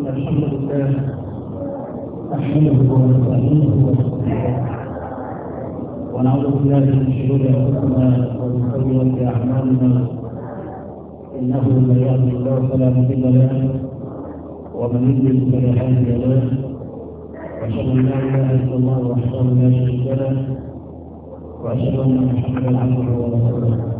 إن الحمد لله نحمده ونستعينه ونعوذ بالله من شرور أنفسنا ومن سيئات أعمالنا إنه من يهد الله فلا مضل له ومن يضلل فلا هادي له وأشهد أن لا إله إلا الله وحده لا شريك له وأشهد أن محمدا عبده ورسوله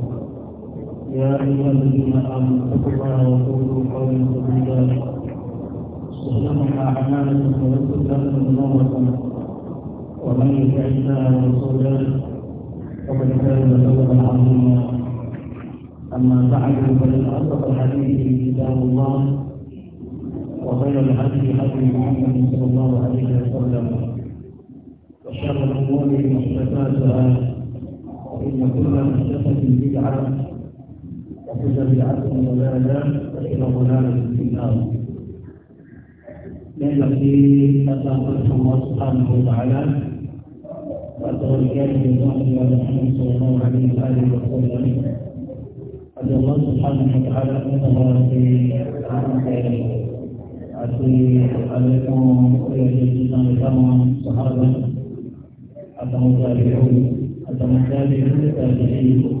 يا أيها الذين آمنوا اتقوا الله وقولوا قولا سديدا يصلح أعمالكم ويغفر لكم ذنوبكم ومن يطع الله ورسوله فقد فاز فوزا عظيما أما بعد فإن أصدق الحديث كتاب الله وخير الحديث حديث محمد صلى الله عليه وسلم وشر الأمور محدثاتها وإن كل محدثة بدعة وكل بدعة ضلالة فان ضلالة في النار لأن في أطلق الله سبحانه وتعالى وتوكل على محمد صلى الله عليه وآله وسلم قد الله سبحانه وتعالى أن الله في عام كريم àlékún عليكم ẹ̀jẹ̀ tuntun ìfáwọn sàhábà àtàwọn tàbí òun àtàwọn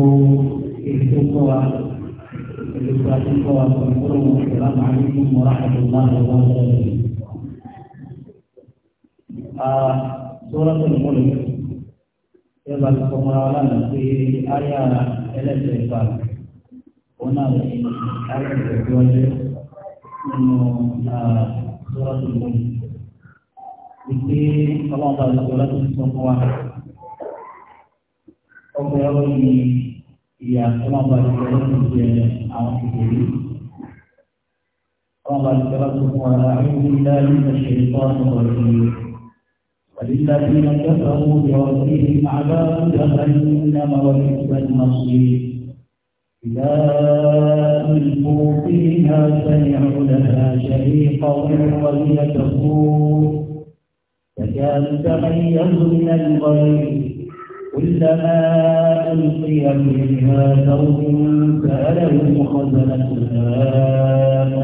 التقوى التقوى والكرم والسلام عليكم ورحمة الله وبركاته سورة الملك يبقى القمر لنا في آية الأسفل هنا آية الزواج من سورة الملك في الله تعالى سورة الصفوة أو يروي ìyá ọlọ́mọba ìjọba tó jẹ àwọn kékeré. ọlọ́mọba ìjọba tó وللذين كفروا بربهم عذاب جهنم وبئس المصير إذا ألقوا فيها سمعوا لها شهيقا وهي تقول تكاد تميز من الغيظ كلما ألقي فيها ثوب سألهم خزنتها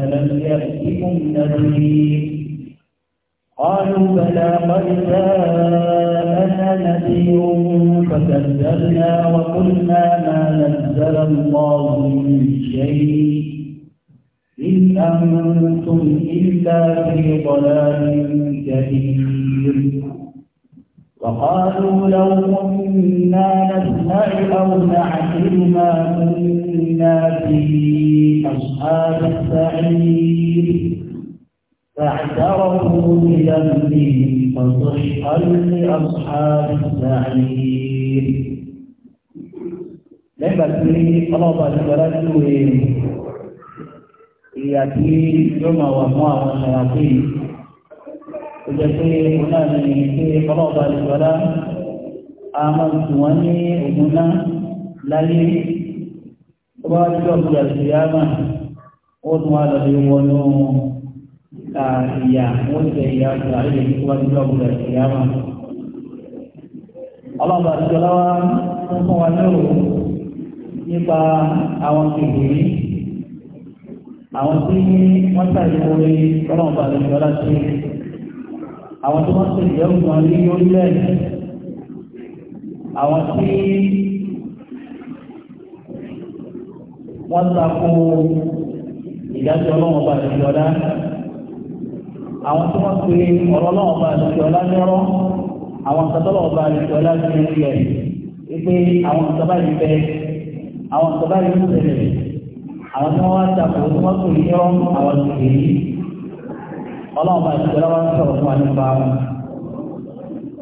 ألم يأتكم نذير قالوا بلى قد جاءنا نذير فكذبنا وقلنا ما نزل الله من شيء إن أنتم إلا في ضلال كبير وقالوا لو كنا نسمع أو نعقل ما كنا في أصحاب السعير فاعترفوا بذنبهم فصحقا لأصحاب السعير لما تريد gbọ́dá إياكي جمع ìyà الشياطين ó jẹ́ pé òun náà ní pé ọlọ́ọ̀bá àdìgbọ́lá a máa tù wọ́n ní òun náà láyé tó bá wá sí ọ̀gbìn àdìgbọ́lá ó tún wá lọ sí wọnú ìyá wọ́n ti tẹ̀ ìyá ọ̀gbìn àdìgbọ́lá tó bá sí ọ̀gbìn àdìgbọ́lá ọlọ́ọ̀bá àdìgbọ́lá wa ń fún wa lérò nípa àwọn kìkìrì àwọn tí wọ́n tàbí orí ọlọ́ọ̀bá àdìgbọ́lá ti rí àwọn tó wọ́n tẹ̀lé ẹ̀rù wọn ní orílẹ̀ àwọn tí wọ́n takò ìdájọ́ ọlọ́wọ́n bá ti yọ̀dá àwọn tí wọ́n pe ọ̀rọ̀ ọlọ́wọ́n bá ti yọ̀dá lọ́rọ́ àwọn sọtọ́lọ́wọ́n bá ti yọ̀dá ní orílẹ̀ wípé àwọn sọba yìí bẹ àwọn sọba yìí ń tẹ̀lé àwọn tí wọ́n wá takò tí wọ́n pè ní ọ̀rọ̀ àwọn tòlè yìí ọlọ́ọ̀bá ìṣẹ̀lá wa ń sọ̀rọ̀ fún àyíká wọn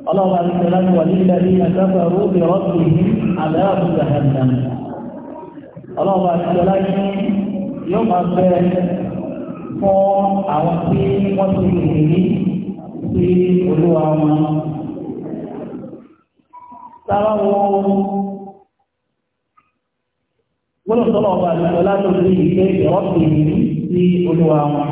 ọlọ́ọ̀bá ìṣẹ̀lá ni wàlí ilẹ̀ ní ẹ̀sẹ̀fẹ̀ rúbì rọ́bì ní àdáàbù jahannam ọlọ́ọ̀bá ìṣẹ̀lá ni yóò máa bẹ fún àwọn tí wọ́n ti lè rí sí ìgbé ìrọ́bì sí olúwa wọn.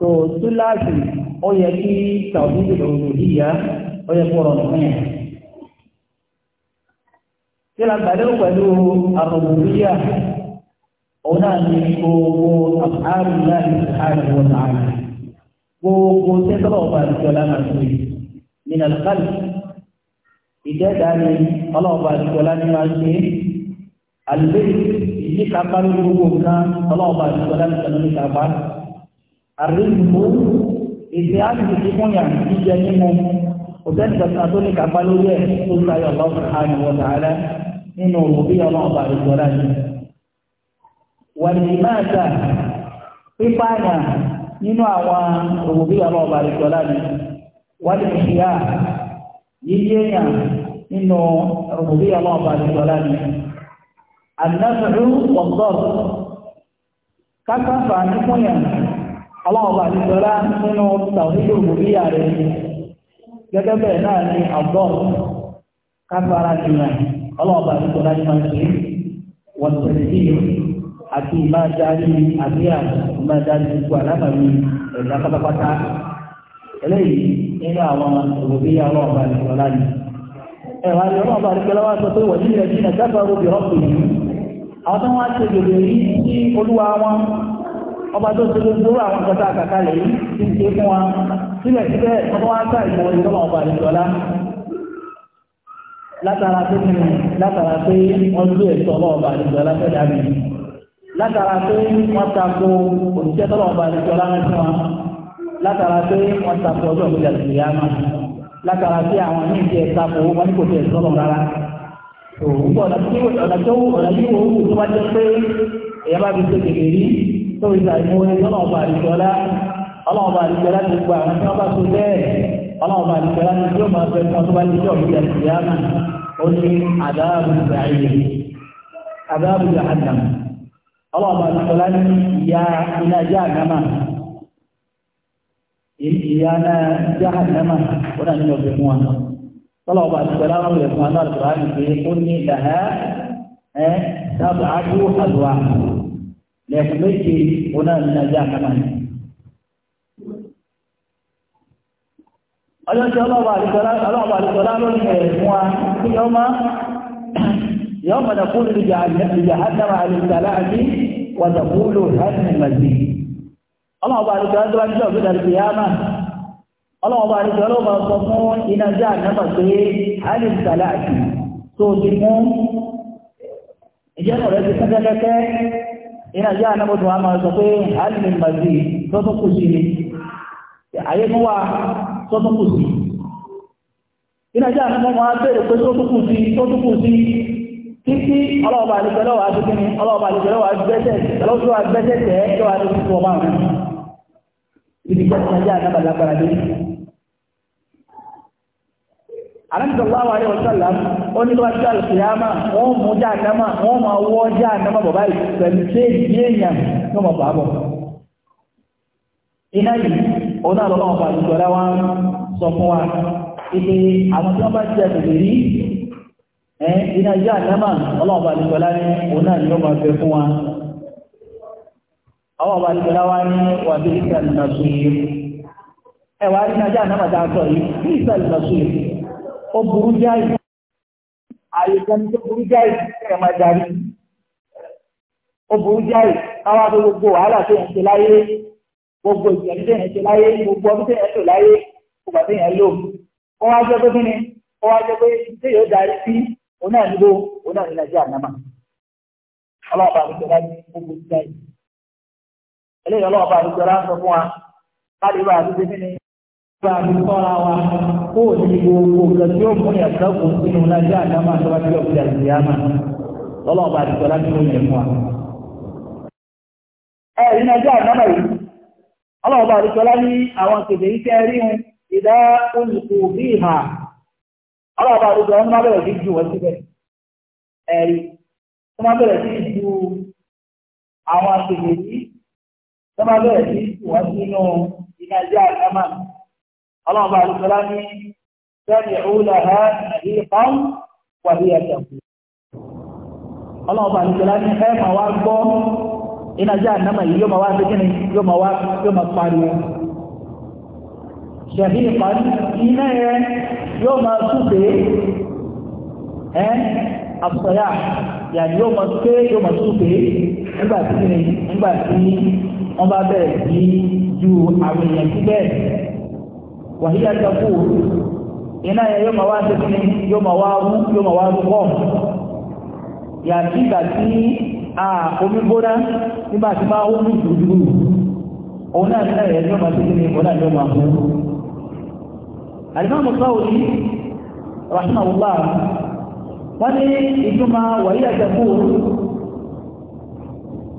so túláàsì ó yẹ kí tàbí ìdòwò yíyá ó yẹ kó rọrùn fún yẹn. tí la gbàdúrà pẹ̀lú àrùbùyà òun náà ní gbogbo àbáàrùn náà ní àrùn wọn náà gbogbo tẹ́tọ́lọ̀ ọba àdìjọ lánàá tó yìí nínú àlùkálì ìdẹ́ẹ̀dá ni ọlọ́ọ̀ba àdìjọ lánàá máa ń ṣe àlùbẹ́ẹ̀lì ìdíkàpá gbogbo nǹkan ọlọ́ọ̀ba àdìjọ lánàá tó yìí àríkùkù èdè àríkùkù fún yà jíjẹ nínú òtẹ́ni kankan tó ní kápá lórí ẹ̀ tó sáyọ̀ lọ́wọ́ àmì wọ̀ tààrà nínú òbí ọlọ́ọ̀bà ìjọra yìí. wàlìmáàtà pípààyà nínú àwọn òbí ọlọ́ọ̀bà ìjọra yìí wàlìmíṣíà yíyéèyà nínú òbí ọlọ́ọ̀bà ìjọra yìí. àdínàfẹ́ rú kákàfà nípòyàn aláwọ̀bà àdìsọ́lá nínú tàwílò mòríyà rẹ̀ gẹ́gẹ́ bẹ̀rẹ̀ náà ni àbọ̀ káfàrà jìnà aláwọ̀bà àdìsọ́lá ní máa wọ́n tẹ̀lé àti máa darí àbí máa darí gbogbo ẹ̀dá pátápátá eléyìí nínú àwọn aláwọ̀bà aláwọ̀bà sọ pé wọ́n ọba tó ṣe gbogbo àwọn ìjọba àkàkalẹ̀ yìí ti ṣe fún wa síbẹ̀síbẹ̀ ọba wa sá ìmọ̀ ìjọba ọba àdìjọlá látara pé nínú látara pé wọ́n lé ẹ̀tọ́ ọlọ́ọ̀ba àdìjọlá fẹ́dá mi látara pé wọ́n tako òṣìṣẹ́ tọ́lọ́ọ̀ba àdìjọlá rẹ̀ fún wa látara pé wọ́n tako ọjọ́ ìgbéjà ìgbéyà náà látara pé àwọn ní ìdí ẹ̀ka kò wọ́n ní kò tẹ̀ sọ́lọ̀ rárá òwúgbọ́ ọ̀nà tí ọ̀nà tí ó wù tó bá jẹ́ pé èèyàn bá fi ṣe kékeré tó ìgbà ìmúwẹ́ ọlọ́ọ̀bà àdìjọ́lá ọlọ́ọ̀bà àdìjọ́lá ti gba àwọn tí wọ́n bá tó bẹ́ẹ̀ ọlọ́ọ̀bà àdìjọ́lá ti yóò máa fẹ́ fún ọtọ́bá ní ìjọba ìjà ìyáàmà ó ní àdáàbù ìgbàáyé àdáàbù ìhàdàm ọlọ́ọ̀bà àdìjọ́lá ní ìyá iná já àgámà ìyá náà já àgámà ó náà ní ọ̀bẹ̀ mú wa ọlọ́ọ̀bà àdìjọ́lá wọn lè fún لكن ليس هنا من أجاء كمان ألا شاء الله ذلك ألا أنا الله ذلك ألا شاء الله ذلك يوم يوم نقول لجهنم على الثلاث وتقول هل من مزيد الله ذلك ألا شاء الله ذلك ألا شاء الله ذلك ألا شاء الله ذلك إن جاء نفسه هل الثلاث سوزمون إجابة رجل سنجدك iná ìyá anábọ̀dún wa máa sọ pé alìmì màdì tọ́tún kù sí ni ayé mú wa tọ́tún kù sí iná ìyá anábọ̀dún wa bèèrè pé tọ́tún kù sí tọ́tún kù sí títí ọlọ́ọ̀bà àlejòlọ́ wa ti kíni ọlọ́ọ̀bà àlejòlọ́ wa gbẹ́sẹ̀ ọlọ́ọ̀bà wa gbẹ́sẹ̀ tẹ̀ ẹ́ kí wàá tó ti fún ọmọ àwọn ibi jẹ́ ìyá anábọ̀dún alámìsọ̀láwà alẹ́ ọ̀sọ́lá ó ní lọ́wọ́ sí àlùkìyàmà wọ́n mú jáàdámà wọ́n máa wọ́ jáàdámà bàbá yìí pẹ̀lú tí èyí èèyàn tó mọ̀ bàbọ̀. iná yìí òun náà lọ́wọ́ ọba àlùsọ̀lá wa sọ fún wa ipe àwọn tí wọ́n bá ti ẹ̀sẹ̀ lè rí iná jáàdámà ọlọ́wọ́ ọba àlùsọ̀lá ní òun náà ni ó máa fẹ́ fún wa. àwọn ọba àlùsọ̀lá wa ní wà bí ìsàlùmọ̀sùn yìí ó burú jáì ààyè kan tó burú jáì ẹ̀ máa darí ó burú jáì káwá tó gbogbo wàhálà tó yẹn ṣe láyé gbogbo ìgbìyànjú tó yẹn ṣe láyé gbogbo ọdún tó yẹn ṣe láyé gbogbo àti yẹn lò ó wá jẹ́ pé kí ni ó wá jẹ́ pé tí yóò darí sí òun náà níbo òun náà ní ọlọ́ọ̀bà àdìjọba ní gbogbo jáì eléyìí ọlọ́ọ̀bà àdìjọba ń sọ fún wa láti bá àdìjọba ní bá kó o ní gbogbo tí ó mú yàn sẹ́kù sínú lájà àdámà tó bá ti sí ọba àti sọ́lá tí ó yẹ fún wa. ẹ rí lájà àdámà yìí ní àwọn kèdè yìí rí wọn ìdá olùkù bí ìhà ọlọ́ọ̀bá má bẹ̀rẹ̀ sí ju wọ́n síbẹ̀ tó má bẹ̀rẹ̀ sí ju àwọn kèdè yìí tó má bẹ̀rẹ̀ sí ju wọ́n sínú àdámà ọlọ́run bá alùpùpù ní sẹ́ni òwúlà ha àbí ìpam wà bí ẹ̀jẹ̀ kù. ọlọ́run bá alùpùpù ní ẹ máa wá gbọ́ iná jẹ́ ànámà yìí yóò máa wá sí kíni yóò máa wá yóò máa pariwo. ṣẹ̀bí ìpam iná yẹn yóò máa súpe ẹ́ àbùsọ̀yà yàtí yóò máa súpe yóò máa súpe nígbà tí nígbà tí wọ́n bá bẹ̀rẹ̀ sí ju àwọn èèyàn síbẹ̀ wàhíyá takú iná yẹn yóò máa wá tẹ́tí ni yóò máa wá rú yóò máa wá rú pọ̀ yàtí ìgbà tí omi gbóná nígbà tí bá ó ní ìdúdú òun náà ní ẹ̀yẹ́ yóò máa tẹ́tí ni òun náà yóò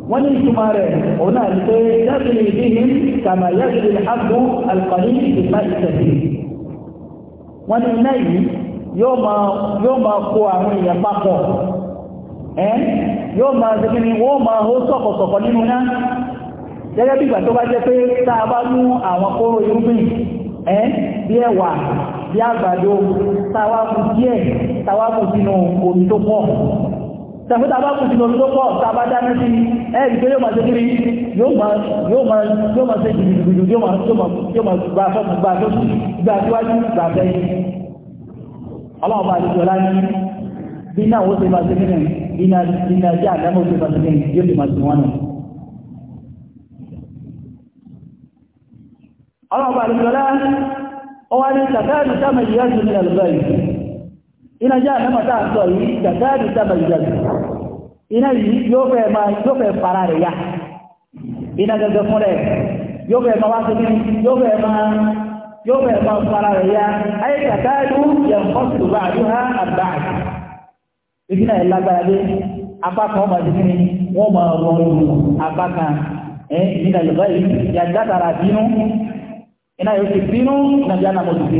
wọ́n ní ìtumọ̀ rẹ̀ òun náà ní pé yásìlì ìdíhìn kàmà yásìlì àbú alùpàdé ìgbà ìtẹ̀sí wọ́n ní iná yìí yóò máa yóò máa kó àwọn èèyàn papọ̀ ẹ́ yóò máa ṣẹ́kí ni wọ́n máa hó sọ̀kọ̀sọ̀kọ̀ nínú iná gẹ́gẹ́ bí ìgbà tó bá jẹ́ pé tá a bá mú àwọn kóró irúgbìn ẹ́ bí ẹ̀wà bí àgbàdo táwa kù díẹ̀ táwa kù sínú omi tó pọ̀ tẹ̀fútà bá kùsùn lórí tó tàbá dáná sí ẹ̀rì pé yóò máa ṣe yóò máa ṣe jìbìjìbìjì yóò máa gbà fọ́nà gbà tó gbà síwájú gbà fẹ́yìn ọlọ́ọ̀bá àdìjọ láti bí náà ó ṣe máa ṣe iná iná jẹ́ àdámọ́ ó ṣe máa ṣe yóò ṣe máa ṣe ọlọ́ọ̀bá láti ní sàkáàdì sáàmì ìyá iná jẹ́ àmẹ́mọ̀ tá à ń sọ yìí gàgáàdì dábàá ìjọba iná yìí yóò fẹ́ máa yóò fẹ́ para rẹ̀ ya iná gẹ́gẹ́ fún rẹ̀ yóò fẹ́ máa wá sí ní yóò fẹ́ máa yóò fẹ́ máa para rẹ̀ ya ayé gàgáàdì yẹn kọ́ sí bá àdúrà ha àgbà ìdí náà lágbára dé apá kan wọ́n máa ti ní wọ́n máa wọ́n lu apá yorùbá yìí yàtọ̀ bínú iná yóò ti bínú nàbíyànà mo ti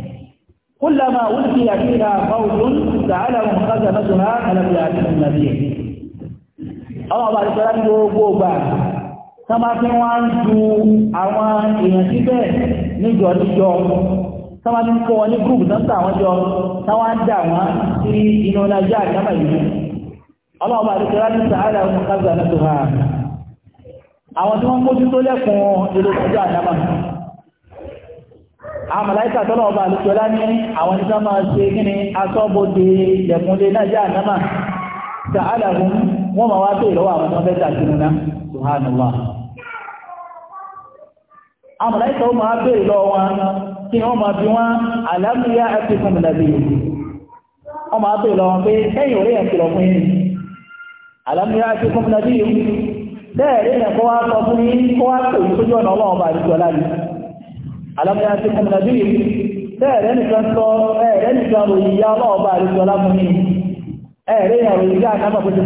كلما ألقي فيها فوج سألهم خزنتها ألم يأتكم نذير àwọn ọba àdìsọ́lá ní gbogbo ọgbà tó máa fi wá ń ju àwọn èèyàn síbẹ̀ níjọ níjọ tó máa fi ń kọ́ wọn ní gúrùpù tó ń tà wọ́n jọ tó wá ń dà wọ́n sí inú ọlájà àgbàmà yìí àwọn ọba àdìsọ́lá ní sàárà àwọn màláíkà tọ́lọ̀ ọba àlùsọ́lá ní àwọn tí máa ṣe kí ni asọ́bodè náà jẹ́ ànámà sàálà fún wọ́n máa wá tó ìlọ́wọ́ àwọn tí wọ́n sínú náà subhanallah àwọn màláíkà ó máa lọ wọn kí wọ́n máa bí wọ́n àlàáfíà ẹ̀fí fún wọ́n máa lọ wọn pé alámúyá tí kùn nàbí bẹ́ẹ̀rẹ́ nìkan sọ ẹ̀rẹ́ nìkan ròyìn yá ọlọ́ọ̀bá àríṣọ́ lámùn ẹ̀rẹ́ ìròyìn yá àkábà kò tó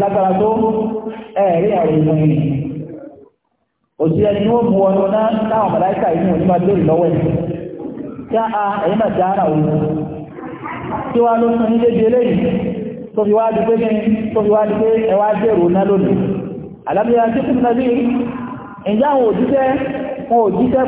ẹ̀rẹ́ ìròyìn fún òsì ẹni ó mú ọnu náà táwọn màláìkà yìí lórí a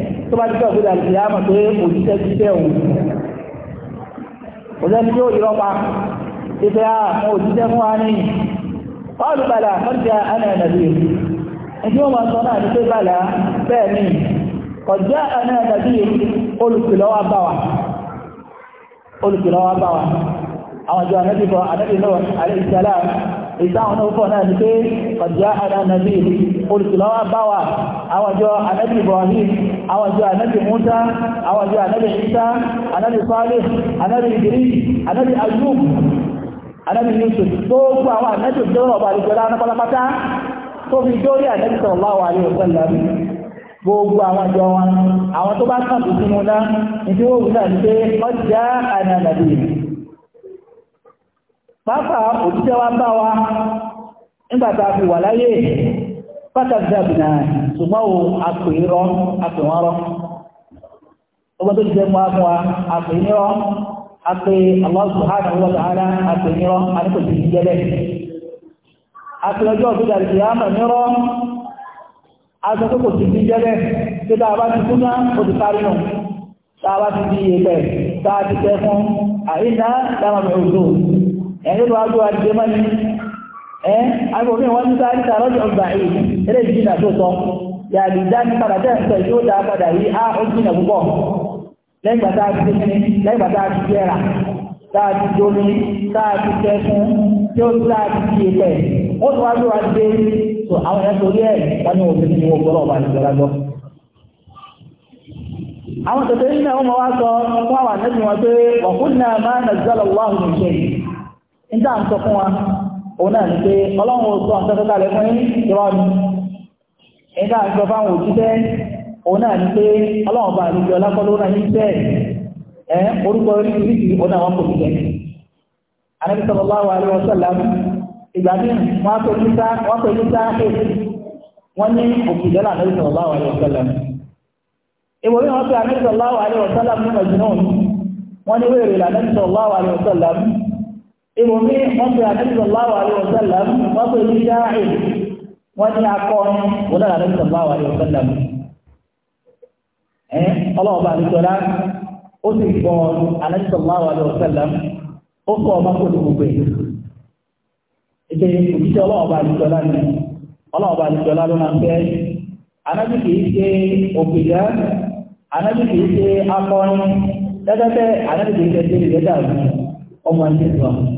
tó bá dúpẹ́ òkúta ìdí àmọ̀ pé òjíṣẹ́ jíṣẹ́ òun kò sẹ́ni yóò yọ pa ìfẹ́ àwọn òjíṣẹ́ fún wa ní ọlù bàlá mọ́jà àná ẹ̀nàbí ẹni ó máa sọ náà ní pé bàlá bẹ́ẹ̀ ni ọjà àná ẹ̀nàbí olùkìlọ́wà bá wa olùkìlọ́wà bá wa àwọn ìjọ ànábì fọ ànábì náà àlẹ́ ìṣẹ́lá ìtàwọn náà fọ́ náà ni pé ọjọ́ àdánàbí olùsùlọ́wà bá wà àwọjọ́ anábì Ibrahim àwọjọ́ anábì Musa àwọjọ́ anábì Isa anábì Salih anábì Idris anábì Ayub anábì Yusuf tó kú àwọn anábì dọ́rọ̀ ọba àdìjọ́lá anápálápátá tó fi dórí anábì sallallahu alaihi wasallam gbogbo àwọn àjọ wọn àwọn tó bá kàn tó sínú náà ní tí wọ́n wù náà ní pé ọjà àdánàbí pápá òjíṣẹ́ wá bá wa nígbàtà fi wà láyé pátàkì dàbìnà aṣọ́kòkò ti fi jẹ́lẹ̀ tí bá ti ó ti parí nù bá ti di ti tẹ́ fún àìdá ẹ̀yìn ló wájú àdìjẹ mọ́ni ẹ́ agbómi wọn ní sáré sáré ọjọ́ ọgbà èyí eré jìnà tó sọ yàrá ìdáni padà tẹ̀ ń sọ èyí ó yìí á ó jìnà púpọ̀ a ti a ti tẹ́kun tí ó tá a ti di ó tún wájú àdìjẹ tó àwọn ẹ̀ torí ẹ̀ wọn ni wọn gbọ́dọ̀ wà nígbà àwọn nínú níta ń sọ fún wa òun náà ní pé ọlọ́run ò sọ nǹkan kọ́kọ́ lẹ́fún irọ́ ni níta ń sọ fáwọn òjíṣẹ́ òun náà ní pé ọlọ́run bá àlejò ọlákọ́ló náà yín bẹ́ẹ̀ ẹ̀ orúkọ oríṣiríṣi òun náà wọ́n kò níjẹ́ Ànábì sallallahu alaihi wasallam ìgbà míì wọ́n á pè ní sá wọ́n á pè ní sá èyí wọ́n ní ìròmí mọ́tò àdébìsọ̀láwà àríwọ̀sẹ́lẹ̀m mọ́tò ìlú dáàrí wọ́n ní akọni wọ́n àdébìsọ̀láwà àríwọ̀sẹ́lẹ̀m ẹ́ ọlọ́ọ̀bà àdìsọ̀lá ó sì gbọ́ àdébìsọ̀láwà àríwọ̀sẹ́lẹ̀m ó kọ́ ọmọ kò dùn gbé òjíṣẹ́ ọlọ́ọ̀bà àdìsọ̀lá ni ọlọ́ọ̀bà àdìsọ̀lá ló máa ń fẹ́ kì í ṣe kì í ṣe kì í ṣe ọmọ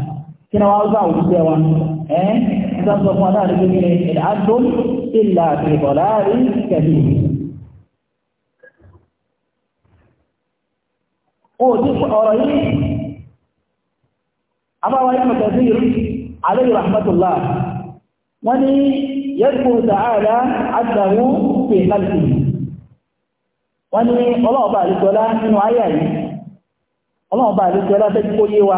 kí ni wọ́n bá òṣìṣẹ́ wa ẹ́ nígbà tó fún aláàrí pé kíni ìdájọ́ ìlà àtìkọ̀ láàrin kẹ̀lú. ó ti ọ̀rọ̀ yìí abáwáyé mọ̀tẹ́sí alayhi rahmatullah wọ́n ní yẹ́kùn sàárà àdàwù fi kálí wọ́n ní ọlọ́ọ̀bà àlùkọ́lá nínú ayé yìí ọlọ́ọ̀bà àlùkọ́lá fẹ́ kó yé wa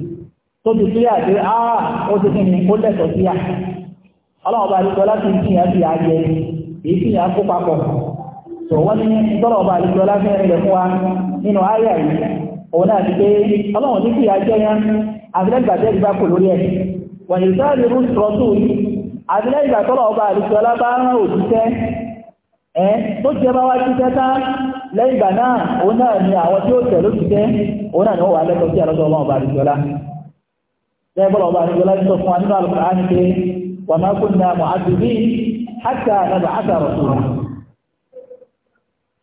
tó ti a ah, pé ó ti ni ó lẹ́tọ̀ síyà ọlọ́ọ̀bá àdìsọ láti sí àjẹ èyí kíyà kó papọ̀ tó wọ́n ní tọ́lọ̀ọ̀bá àdìsọ láti rẹ̀ fún wa nínú yìí òun náà ti pé ọlọ́run ní kíyà jẹ́ yẹn kò lórí ẹ̀ rú yìí àbílẹ́gbà tọ́lọ̀ọ̀bá àdìsọ tí lẹ́gbọ́n ọba àríjọlá ń sọ fún anínú alùpàá ní pé wà máa kún ní àmọ́ àdùbí àtà àdàbà àtà rọ̀tùrù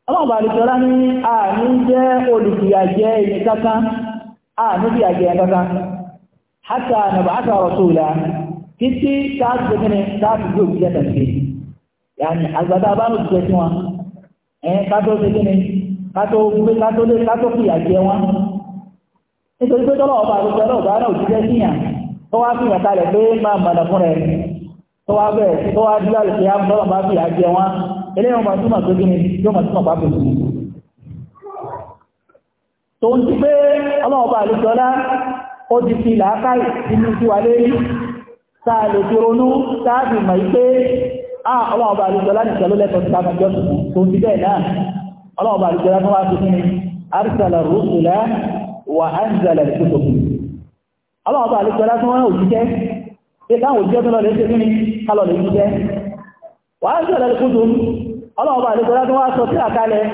ọlọ́ọ̀bà àríjọlá ní àní jẹ́ olùfìyàjẹ́ ìyẹn kankan àní fìyàjẹ́ ìyẹn kankan àtà àdàbà gbẹ́ni gbé òkúta àgbàdo ti wọn ẹ̀ gbẹ́ni gbé wọn nítorí pé tọ́lọ̀ ọba àrùsọ náà bá náà jíjẹ́ síyàn tó wá kalẹ̀ pé máa mọ̀nà fún tó wá tó wá lè fi á bá fìyà jẹ wọn eléyàn máa túmọ̀ tó gíní yóò máa túmọ̀ pápẹ̀ sí tó ń ti pé ó ti fi sí wa lérí tá lè fi ronú sáàbì mọ̀ pé ọlọ́ọ̀ba àrùsọ lá nìkan ló lẹ́tọ̀ọ́ sí káfíńjọ́ tó ń ti bẹ́ẹ̀ náà tó wá wà á ń zàlẹ̀ ìfẹ́sọ̀kù tó lọ́lẹ̀ ṣẹ́gbẹ́ tí wọ́n tí àkálẹ̀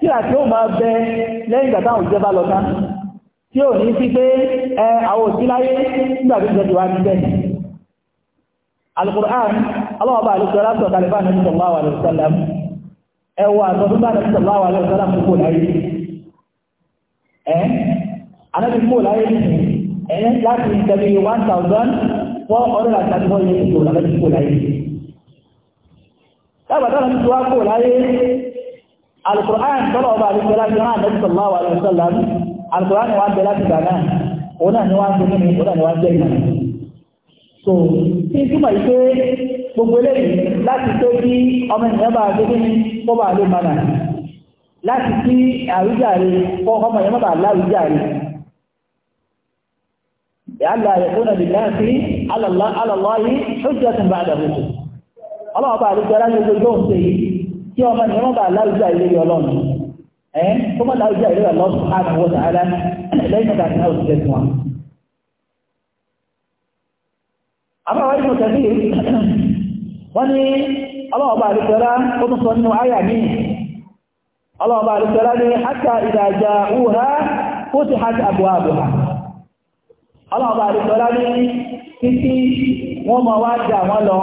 tí ó máa bẹ lẹ́yìn ìgbà táwọn òjíṣẹ́ bá tí ní sí pé ẹ àwọn anábì kó láyé nìyí ẹ̀yẹ́ láti ìtẹ̀lé one thousand four hundred and thirty four years ago anábì kó láyé lábàtà náà tó wá kó láyé alukur'an tọ́lọ̀ ọba àdúgbò láti rán àdúgbò sallallahu alaihi so tí n túmọ̀ yìí pé gbogbo eléyìí láti tó kí ọmọ ènìyàn bá gbogbo ní kọ́ba àlè mọ́nà láti kí àwíjàre kọ́ ọmọ ènìyàn bá láwíjàre yàlá yẹ̀kúnà lìláàfí alàláyé ṣójú ẹ̀sìn bá àdàbò tó ọlọ́wọ́ bá àlejò aláàjò gbogbo ń ṣe yìí kí ọmọ ni wọ́n bá láwùjọ ìlérí ọlọ́run ẹ̀ tó mọ́ láwùjọ ìlérí ọlọ́run subhanahu wa ta'ala lẹ́yìn náà tàbí náà ó ti tẹ̀sí wọn. àbáwá ìmọ̀ tẹ̀sí wọ́n ní ọlọ́wọ́ bá àlejò ọlá ó tún sọ nínú àyà mi ọlọ́wọ́ bá àlejò ọlá ní ọlọ́ọ̀bá àdìsọ́lá ní títí wọ́n máa wá jà wọ́n lọ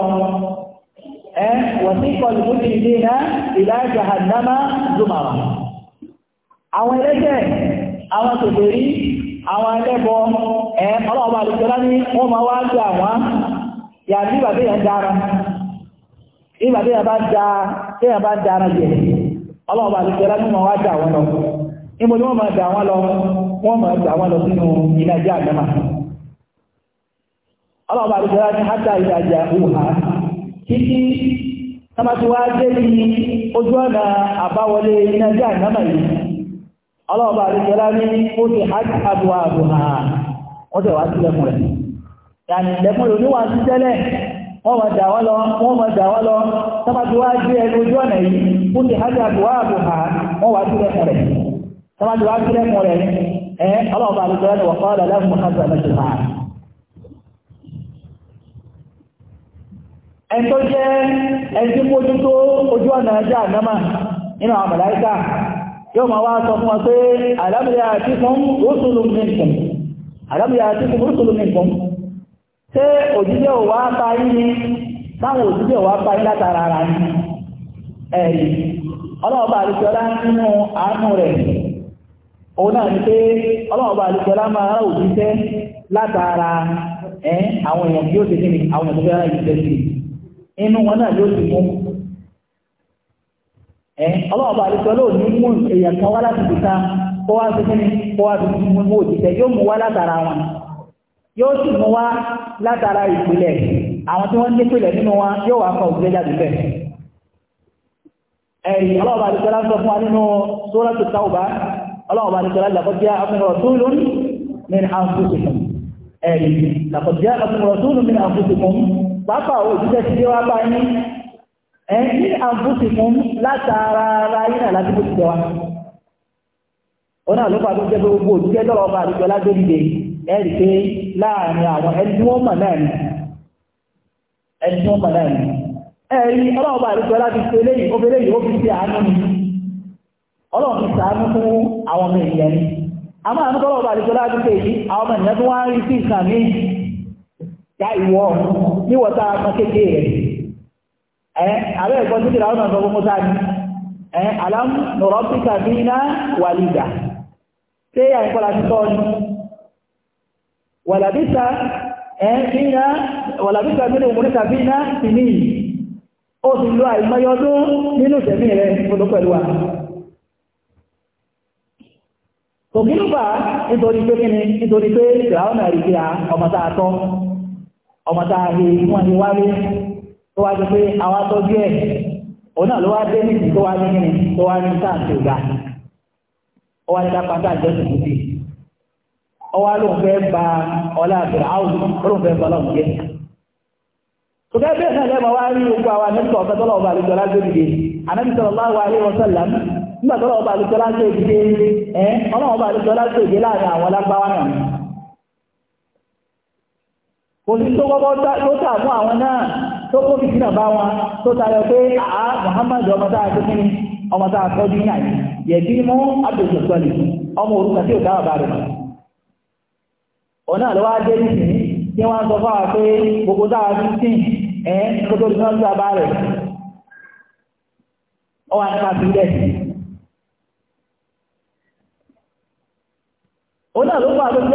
ẹ́ wọ́n sí kọlùkù ní ilé iná ìlà jahannama zumara àwọn ẹlẹ́jẹ̀ àwọn tòbèrí àwọn akẹ́kọ̀ọ́ ẹ́ ọlọ́ọ̀bá àdìsọ́lá ní wọ́n wá jà wọ́n ìbàdí dára ìbàdí bá bá dára jẹ ọlọ́ọ̀bá àdìsọ́lá ní wọ́n wá jà wọ́n lọ jà wọ́n lọ wọ́n jà wọ́n lọ ọlọ́ọ̀bá àdúgbò ní hátà ìdájà òhà títí tamatiwa dé ní ojú ọ̀nà àbáwọlé iná jẹ́ àdámà yìí ọlọ́ọ̀bá àdúgbò ní ó ti hátà àbúwà àbúhà wọ́n tẹ̀ wá sí lẹ́kùn rẹ̀ yàní lẹ́kùn rẹ̀ oníwà sí tẹ́lẹ̀ wọ́n mọ̀ dà wọ́n lọ wọ́n mọ̀ dà wọ́n lọ tamatiwa ẹ̀tọ́ jẹ́ ẹ̀tí mójú tó ojú ọ̀nà ẹjá nínú àwọn yóò máa wá sọ fún wa pé àlámìyà àti fún rúsùlù nìkan àti fún rúsùlù táwọn látara ara ọlọ́ọ̀bà nínú àánú rẹ̀ òun náà ni pé ọlọ́ọ̀bà máa òjíṣẹ́ látara ti àwọn èèyàn tó fẹ́ inú wọn náà yóò ti mú ẹ ọlọ́ọ̀bà àdìsọ́ ló ní mú èèyàn kan wá láti dìta kó wá sí kíni kó wá sí mú mú òtítẹ́ yóò mú wá látara wọn yóò sì mú wá látara ìpìlẹ̀ àwọn tí wọ́n ń nípìlẹ̀ nínú wọn yóò wá kọ òṣìṣẹ́ jáde bẹ́ẹ̀ ẹ̀rì ọlọ́ọ̀bà àdìsọ́ láti sọ fún wa nínú Suratu Tawbah ọlọ́ọ̀bà àdìsọ́ láti làkọ́ jẹ́ afẹ́rẹ́ ọ̀tún lónìí min anfusikum ẹ̀rì làkọ́ jẹ́ afẹ́rẹ́ ọ̀tún lónìí min anfusikum pápá òjíṣẹ́ ti dé wá bá yín ẹ̀ ní àǹfùsì fún látara ara yín náà láti bó ti jẹ wa ó náà ló fà tó jẹ́ pé gbogbo òjíṣẹ́ lọ́rọ̀ ọba àdúgbò lágbèrè ẹ̀ rí pé láàrin àwọn ẹni tí wọ́n mọ̀ náà ni ẹni tí wọ́n mọ̀ náà ni ẹ̀rí ọlọ́ọ̀bà àdúgbò láti ṣe eléyìí ó fi eléyìí ó fi ṣe àánú ni ọlọ́ọ̀ fi ṣàánú fún àwọn ọmọ ènìyàn ni àmọ́ àánú ká ìwọ níwọ̀ta akéèké rẹ̀ ẹ́ abẹ́ ẹ̀kọ́ tí kìlá ọ̀nà ọ̀sọ̀gbọ́n mọ́ta ni ẹ́ eh, eh, alam nurabbika fina walida ṣé àìkọ́lá ti tọ́ ni wàlàbíta ẹ́ eh, fina wàlàbíta nínú òmùríkà fina sí ní ó sì lo àìmọyọdún nínú ìṣẹ̀mí rẹ̀ fọdọ́ pẹ̀lú wa tòkínúbà nítorí pé kíni nítorí pé ìràwọ̀nà àríkíà ọmọ tá a tọ́ ọmọ tá a rí wọn ni wálé tó wá jẹ pé àwa tọ́jú ẹ̀ òun náà ló wá dé nìsí tó wá ní kíni tó wá ní sáàtì ògbà ó wá ní dápá sáàtì ọ̀sẹ̀ kùtì ó wá lóun fẹ́ ba ọlá àbẹ̀rẹ̀ áwùn ó lóun fẹ́ ba ọlọ́run jẹ́ tòkẹ́ bẹ́ẹ̀ náà lẹ́mọ̀ wá rí ogun àwọn anẹ́sọ̀ ọ̀fẹ́ tọ́lọ̀ ọba àlùjọlá gbé dìde Ànábì sallallahu alaihi wasallam nígbà tọ́lọ̀ ọba àlùjọlá gbé dìde ẹ́ ọlọ́run ọba àlùjọlá gbé dìde láàrin àwọn lágbáwá náà òsì tó kọ́kọ́ tó tààmú àwọn náà tó kó fi sínà bá wọn tó pé àá Muhammad ọmọ tá a tó kí ni a yẹ̀dí mú Abdul sọ́lì ọmọ òrùka tí ò dáwà bá rẹ̀ ọ̀nà àlọ́wà jẹ́ nìsín tí wọ́n sọ fáwà pé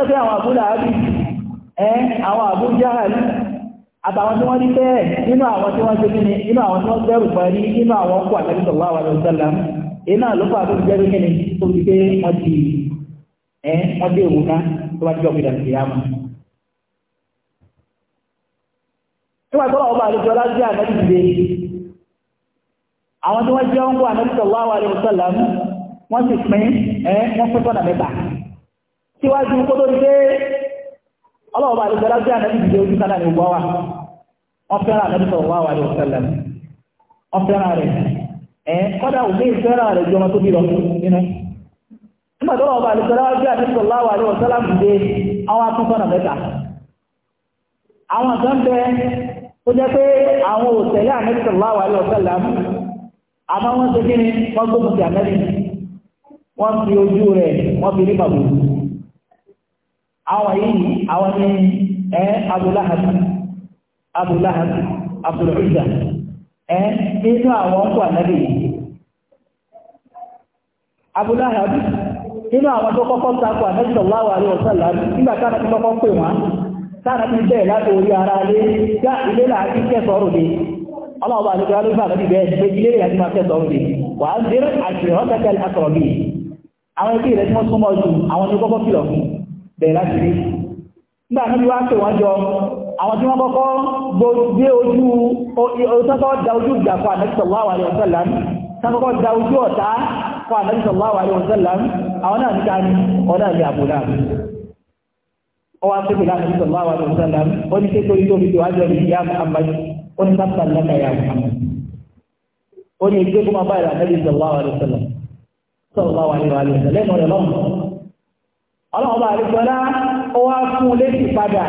gbogbo ẹ́ àwọn Abu Jahal àtàwọn tí wọ́n rí bẹ́ẹ̀ nínú àwọn tí wọ́n ṣe àwọn tí wọ́n parí àwọn iná tó tó fi pé wọ́n ti ẹ́ wọ́n dé òun tó wá jọ ìdàgbé ìyáma. nígbà tó lọ́wọ́ bá àlejò ọlájú ànábì dìde àwọn tí wọ́n jẹ́ ń kó ànábì sallallahu wọ́n pín ẹ́ wọ́n ọlọ́wọ́ bá lè gbọ́dá sí ànábì dìde ojú sáná ní gbọ́wà wọ́n fẹ́ràn ànábì sọ̀rọ̀ wá wàlẹ̀ òṣèlè wọ́n fẹ́ràn rẹ̀ ẹ̀ kọ́dà òbí fẹ́ràn rẹ̀ jọmọ tó bí lọ nínú nígbà tó lọ́wọ́ bá lè gbọ́dá sí ànábì sọ̀rọ̀ wá wàlẹ̀ òṣèlè dìde àwọn akúnkọ́nà mẹ́ta àwọn kan bẹ ó jẹ́ pé àwọn òṣèlè àwọn yìí àwọn ní ẹ abúláhàbí abúláhàbí abúlùfíìsà awa nínú àwọn ọkọ̀ ànábì abúláhàbí nínú àwọn tó kọ́kọ́ takò ànábì sallallahu alaihi wasallam nígbà táwọn ti kọ́kọ́ pè wọ́n táwọn ti bẹ̀rẹ̀ láti ara lé já ilé ke kẹsọ̀ ọ̀rọ̀ dé ọlọ́ọ̀bà àti ìgbà ju bẹ̀rẹ̀ láti rí nígbà níbi wá pè wọ́n jọ àwọn tí wọ́n kọ́kọ́ gbé ojú òtọ́kọ́ da ojú ìjà fún Ànábì sallallahu alaihi wasallam sákọ́kọ́ da ojú ọ̀tá fún Ànábì sallallahu alaihi wasallam àwọn náà níta ní ọ̀nà ní àbúrà ó wá sallallahu alaihi wasallam ó ní kékeré tó fi wájú ẹni ìyá Muhammad ó ní sábà lẹ́ka ìyá Muhammad ó ní sallallahu alaihi wasallam sallallahu alaihi wasallam ọlọ́ọ̀bá àrígbọ́lá ó wá fún létí padà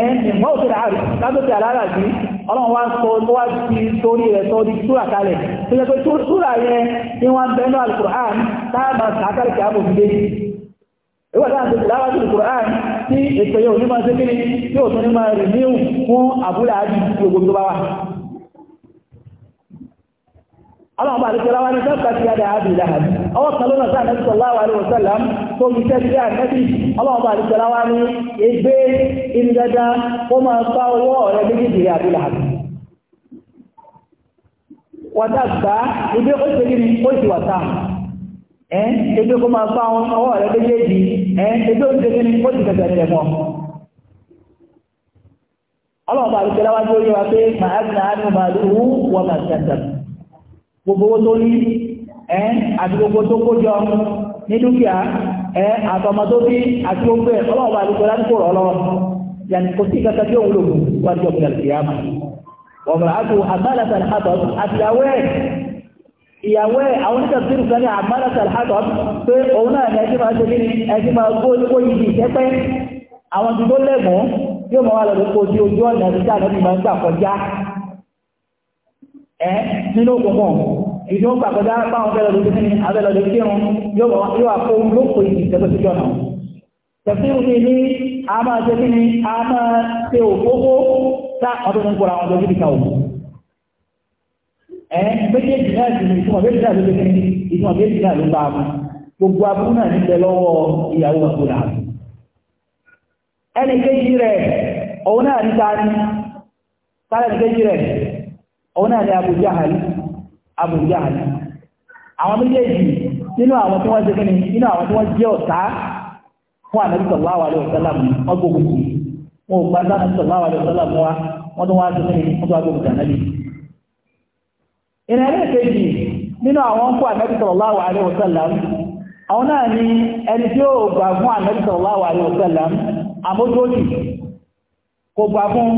ẹ̀ẹ́sìn mọ́ òṣèrè àrùn lábẹ́sẹ̀ alára sí ọlọ́run wá sọ tó wá sí torí rẹ̀ sọ di súrà kalẹ̀ tó yẹ pé súrà yẹn ní wọ́n ń bẹ́nu alukur'an táàmà sàkàrì kí a bò gbé ìwà táà ti tìlá wájú alukur'an tí ètò yóò ní máa ọlọ́ọ̀bá àdìsọ́lá wa ní dọ́kítà ti yáda àbí ìdáhàbí ọwọ́ kan lọ́nà sáà nẹ́bí sọ̀lá wa lọ́wọ́ sẹ́lá tó fi tẹ́ sí àkẹ́bí ọlọ́ọ̀bá àdìsọ́lá wa ní egbé inú dandan ó máa bá owó ọ̀rẹ́ méjèèjì àbí ìdáhàbí. wàtá gbà ebi ó ṣe kíni ó sì wàtá ẹ ebi kó máa bá owó ọ̀rẹ́ méjèèjì ẹ ebi ó ṣe kíni ó sì kẹsẹ̀ rẹ̀ mọ́. ọlọ́ọ̀bá àdìsọ́lá wa ní gbogbo owó tó ní ẹ́ àti gbogbo tó kójọ ní dúkìá ẹ́ àtọmọ tó bí àti gbogbo ẹ̀ ọlọ́run bá dúpọ̀ láti kúrò ọlọ́run yàtì kò sí kankan tí òun lògùn wájú ọ̀gbìn àlùkìyàmà ọ̀gbìn àti àbálàtà àtọ̀ àti ìyàwó ẹ̀ ìyàwó ẹ̀ àwọn oníkàtúntì kan ní àbálàtà àtọ̀ pé òun náà ní ẹjí máa ṣe kíni ẹjí máa gbó kó yìí ìṣẹ́pẹ́ àwọn tó lẹ́gbọ̀n yóò máa wà lọ́dún kó ẹ́ nínú òkùnkùn ìdí ó gbàgbọ́dá báwọn fẹ́ lọ́dún sí abẹ́lọ́dún sí wọn yóò wà fún yóò pè ní ìtẹ́gbẹ́síjọ́ náà tẹ̀síwù ní ní a máa ṣe kí ni a máa ṣe òkókó tá ọdún ní kóra ọdún níbi kan òkú ẹ méjèèjì náà sì ní ìtumọ̀ méjèèjì náà ló ṣe kí ni ìtumọ̀ méjèèjì náà ló bá a mú gbogbo abúlé náà níbẹ̀ lọ́wọ́ ìyàwó àbúrò àbú ẹnì kejì rẹ̀ òun náà níta ní sálẹ̀ ní kejì òun náà ni Abu Jahal Abu Jahal àwọn méjèèjì nínú àwọn tí wọ́n jẹ́ kí nínú àwọn tí wọ́n jẹ́ ọ̀tá fún Ànábì àwọn náà ni ẹni tí ó gbà fún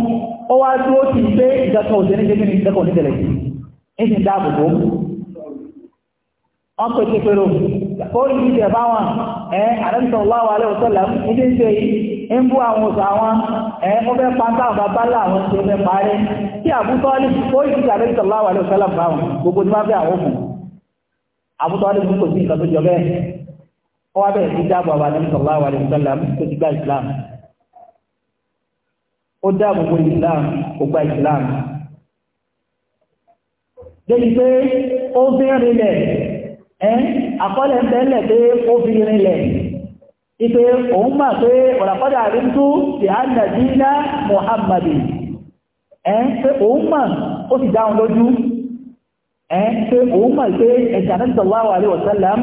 ó wá tí ó ti pé ìjọsọ òṣèré jẹ́ gíní ìjọsọ onídẹ̀lẹ̀ sí ní ti dáàbò bò wọ́n pè ti pèrò kórí ti tẹ̀ báwọn ẹ̀ sallallahu alaihi wasallam ní ti ń ṣe ń bú àwọn oṣù àwọn ẹ̀ ó fẹ́ pàǹtà àwọn bàbá àwọn tí ó fẹ́ parí tí àbútọ́ ní kórí ti tẹ̀ sallallahu alaihi wasallam báwọn gbogbo tí wọ́n fẹ́ àwọn òkun àbútọ́ ní kò sí nǹkan tó jọ bẹ́ẹ̀ ó wá bẹ̀rẹ̀ sí ó dáàbò bo islam ó islam débi pé ó fi rinlẹ̀ ẹ́ àkọọ́lẹ̀ ń bẹ́ẹ̀lẹ̀ pé ó fi rinlẹ̀ ipe òun mà pé ọ̀làkọ́dà àríntú ti a nà dínà Muhammadu ẹ́ pé òun mà ó sì dáhùn lójú ẹ́ pé òun mà pé ẹ̀jà náà sallallahu alaihi wasallam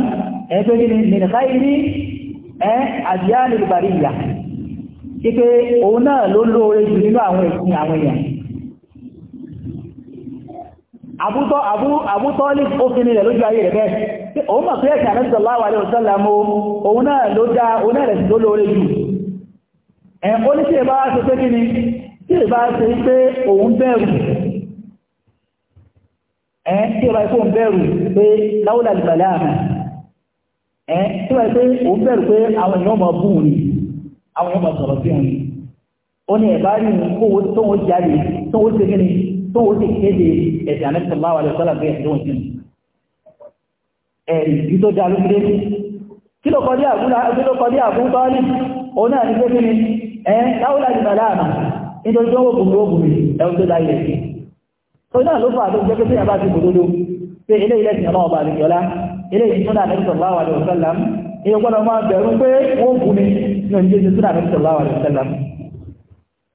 ẹ́ pé nínú nìkan ẹ́ àdíyá nílùbàrí ìyà pípé òun náà ló lóore jù nínú àwọn ìsìn àwọn èèyàn àbútọ́ àbútọ́ ní òfin ilẹ̀ lójú ayé rẹ̀ bẹ́ẹ̀ tí òun mọ̀ pé ẹ̀sìn àmì sallallahu alaihi wasallam òun náà ló dá òun náà lẹ̀sìn ló lóore jù ẹ̀ ó ní sí ìbá ṣe pé kíni tí ìbá ṣe pé òun bẹ̀rù ẹ̀ tí ìbá ṣe òun bẹ̀rù pé láwùlà ìgbàlẹ̀ àmì ẹ̀ tí ìbá ṣe òun bẹ̀rù pé àwọn èèyàn mọ̀ bùn ni àwọn yóò máa sọ̀rọ̀ sí òun ó ní ẹ̀bá rí òun kó owó tó wọ́n jáde tó wọ́n ṣe kíni tó wọ́n ṣe kéde ẹ̀sìn àmẹ́sìn bá wà lọ sọ́là bẹ́ẹ̀ tó ń sìn ẹ̀rí tí tó dá lókè kí ló kọjá àbúrò kí ló kọjá àbúrò tọ́lì òun náà ní pé kíni ẹ̀ láwùlà ìbàdà àmà nítorí tó wọ́n gbogbo ògùn ẹ̀rù tó dáyé sí tó náà ló fà tó jẹ́ pé tí ti gbòdódó pé ilé ilẹ̀ ìsìn ọlọ́ọ̀bà àdìyọlá ilé ìsìn tó náà wà lọ́sọ̀lá èyí gbọ́dọ̀ máa bẹ̀rù pé wọ́n bù ní ní oúnjẹ ojú sílẹ̀ àti sọ̀rọ̀ àwọn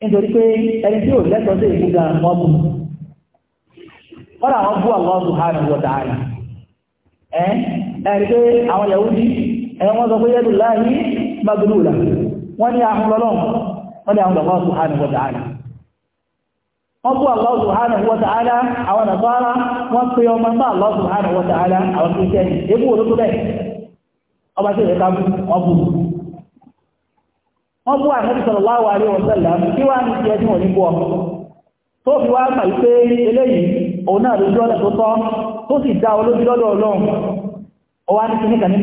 nítorí pé ẹni tí ò lẹ́tọ̀ọ́ sí ìlú gan wọ́n wọ́n bú àwọn ẹ ẹni pé àwọn ẹ wọ́n sọ pé yẹ́dù láàyè wọ́n ní ahun lọ́lọ́n wọ́n ha wọ́n bú àwọn wọ́n pe ọmọ náà àwọn Ọ tí ìrẹ́ta bú ọbú wọ́n bú àmì sallallahu alaihi kí wá ní ti ẹjú òní bọ́ tó fi wá pàì pé eléyìí òun náà lójú ọ̀nà tó tọ́ tó sì dá olójú lọ́dọ̀ ọlọ́run ọ wá ní kíníkà ní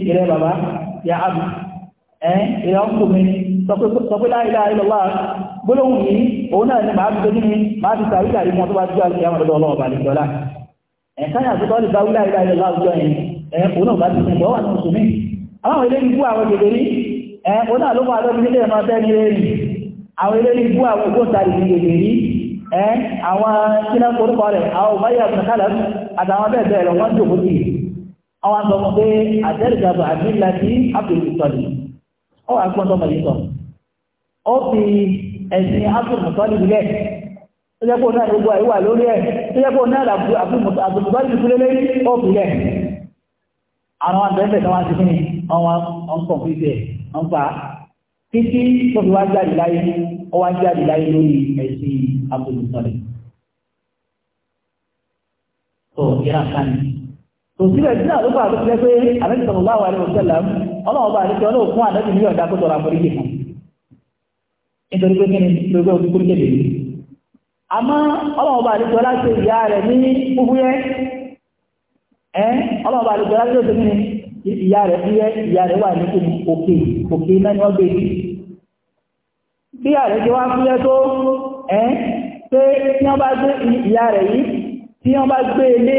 àbútọ́ ìlà ń kò mi sọpé láìlá ìlọ́lá gbólóhùn yìí òun náà ni máa fi tóní máa fi sàrí ìdàrí tó bá jọ àti àwọn tó tọ́lù bá ti ọrụ ọ wà gbọ́n tọmọ yìí sọ ó fi ẹ̀sìn abdulmutali lẹ̀ tó jẹ́ kó náà gbogbo àìwà lórí ẹ̀ tó jẹ́ kó náà abdulmutali kúlé lórí ó fi lẹ̀ àwọn àbẹ̀fẹ̀ náà wá sí fún mi ọwọ́ ọ̀nkọ̀mpútẹ̀ ọ̀nfà títí tó fi wá jáde láyé ó wá jáde láyé lórí ẹ̀sìn abdulmutali. tó yẹra kan ní tòsílẹ̀ tí náà ló bá àtúnṣe pé àlẹ́bí sọ̀rọ̀ láwà ní òṣèlẹ̀ ọlọ́wọ́ bá àdéṣe ọlọ́wọ́ fún àdébí ní ọ̀dà kótó ọ̀rọ̀ àforíjì fún nítorí pé kí ni lóògbé òkú kúrú kébè yìí àmọ́ ọlọ́wọ́ bá àdéṣe ọlá ṣe ìyá rẹ̀ ní fúfúyẹ́ ẹ ọlọ́wọ́ bá àdéṣe ọlá ṣe òṣèlú ní ìyá rẹ̀ fúyẹ́ ìyá rẹ̀ wà ní kíni òkè òkè náà ni wọ́n gbé yìí bí ìyá rẹ̀ ṣe wá fúyẹ́ tó ẹ pé tí wọ́n bá gbé ìyá rẹ̀ yìí tí wọ́n bá gbé lé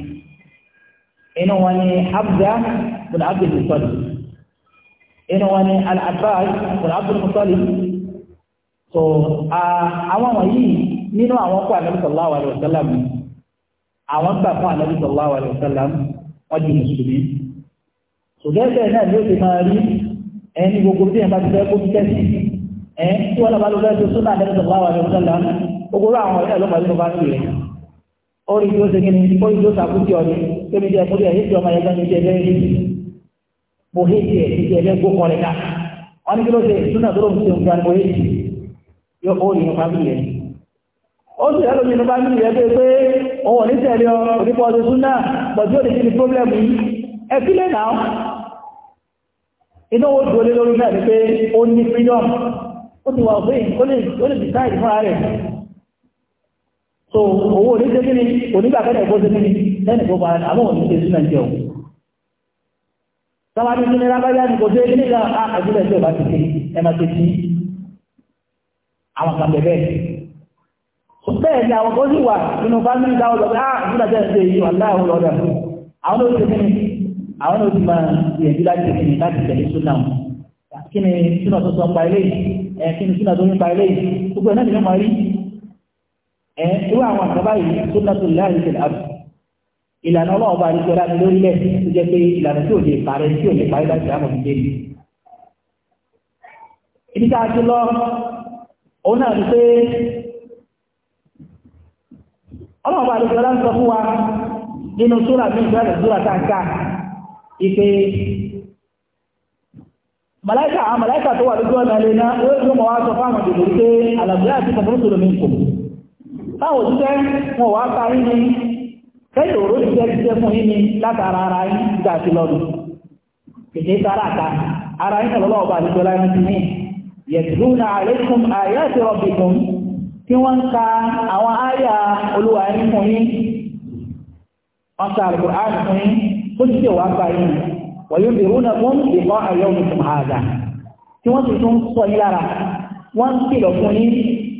Ịnụ wani ni abdá bùnà abdulmusọ́lì inú wọn ni al-abbas so àwọn wọ̀nyí ninu awon kó anabi sallallahu alayhi wa sallam àwọn gbà anabi sallallahu alayhi wa sallam wọn di mùsùlùmí sùgẹ́sẹ̀ náà ni ti máa rí ẹni gbogbo tí yẹn ti sallallahu orí tó ṣe kíni orí tó ṣàkútì ọ̀dẹ tóbi jẹ kó díẹ̀ yíṣẹ́ ọmọ yẹn gbẹ́ni jẹ lẹ́yìn mo hé tiẹ̀ ìjẹ lẹ́ gbó kọ́ rẹ̀ ká wọ́n ní kí ló ṣe ìtúnà tó lóun ṣe nǹkan mo hé tì yóò kó òní nípa bíi yẹn. ó sì rẹ́ lómi nípa bíi yẹn pé pé òun ò ní tẹ̀lé ọ onípa ọdún súnà pọ̀jù òní ti ní pọ́blẹ́mù yìí ẹ fílẹ̀ náà iná wo dúró lé lórí náà ni pé ó ní freedom ó ti wà ó lè decide fúnra so owó oníṣẹ́ kí ni onígbàkẹ́lẹ̀ ìbó ṣe kí ni lẹ́nu gbogbo àwọn oníṣẹ́ súnmọ̀ jẹ́ o sáwá ní kíni rábáyá ní kò ṣe ní ìlà àgbélẹ̀ tí ò bá ti ṣe ẹ máa ṣe àwọn kan bẹ̀bẹ̀ bẹ́ẹ̀ ni àwọn kan sì wà nínú fámìlì táwọn lọ pé á ìdílé jẹ́ ṣe ìyọ̀ aláàwọn lọ́dọ̀ àwọn ni àwọn ló ti ni láti ni súnà tó sọ pa eléyìí kí ni súnà tó ń pa eléyìí gbogbo ẹ̀ ẹ irú àwọn àkàbá yìí tó nàtò láàyè ìṣẹ̀lẹ̀ àbù ìlànà ọlọ́run bá àdìsọ láti lórílẹ̀ tó jẹ́ pé ìlànà tí ò lè parẹ́ tí ò lè parẹ́ láti àmọ̀ ní dé ibi tá a ti lọ òun náà ni pé ọlọ́run bá àdìsọ láti sọ fún wa nínú súrà mi ìgbà àti súrà táǹkà ìpè màláìkà àwọn màláìkà tó wà lójú ọ̀nà ilé náà ó yóò mọ̀ wá sọ fáwọn òdòdó pé àlàbíyà táwọn òṣìṣẹ́ wọn wá parí ni kẹ́yìn òró ṣiṣẹ́ ṣiṣẹ́ fún yín ni látara ara yín gbà sí lọ́nu kìí sára àta ara yín sọ̀rọ̀ ọba àdìjọ láyé ti ní yẹ̀tùlúnà àlékún àyàtì rọ̀bìkún tí wọ́n ń ka àwọn àyà olúwa yín fún yín wọ́n ka àlùkùránì fún yín tó ti wá bèrú fún ìkọ́ àyọ̀ wọ́n ti tún sọ yín lára wọ́n ń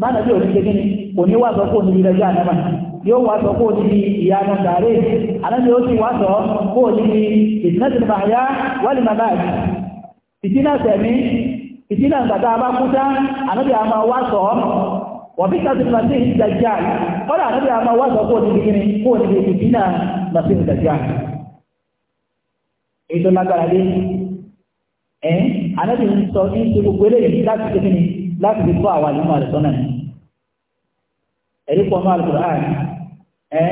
bánà bí òní ṣegíní kò ní wà sọ kó ní ilẹ̀ yóò àdámà yóò wà sọ kó ní ìyanu sàárè aláǹdí ó sì wà sọ kó ní ìtìlẹ́sìn màáyá wálé màmá ìtìlẹ́ sẹ̀mí ìtìlẹ́ ìgbàdá abákúta aláǹdí àmọ́ wà sọ wọ̀bí sàtìlẹ́ màtí ìdàjà kọ́lá aláǹdí àmọ́ wà sọ kó ní ìgbìní kó ní ìtìlẹ́ màtí ìdàjà èyí tó lágbára dé ẹ́ ànábì ń sọ ń ṣe gbogbo eléyìí láti ṣe kíni láti fi kọ́ àwọn àlùmọ́ rẹ̀ sọ́nà ni ẹ̀rí pọ̀ mọ́ Al-Qur'an ẹ̀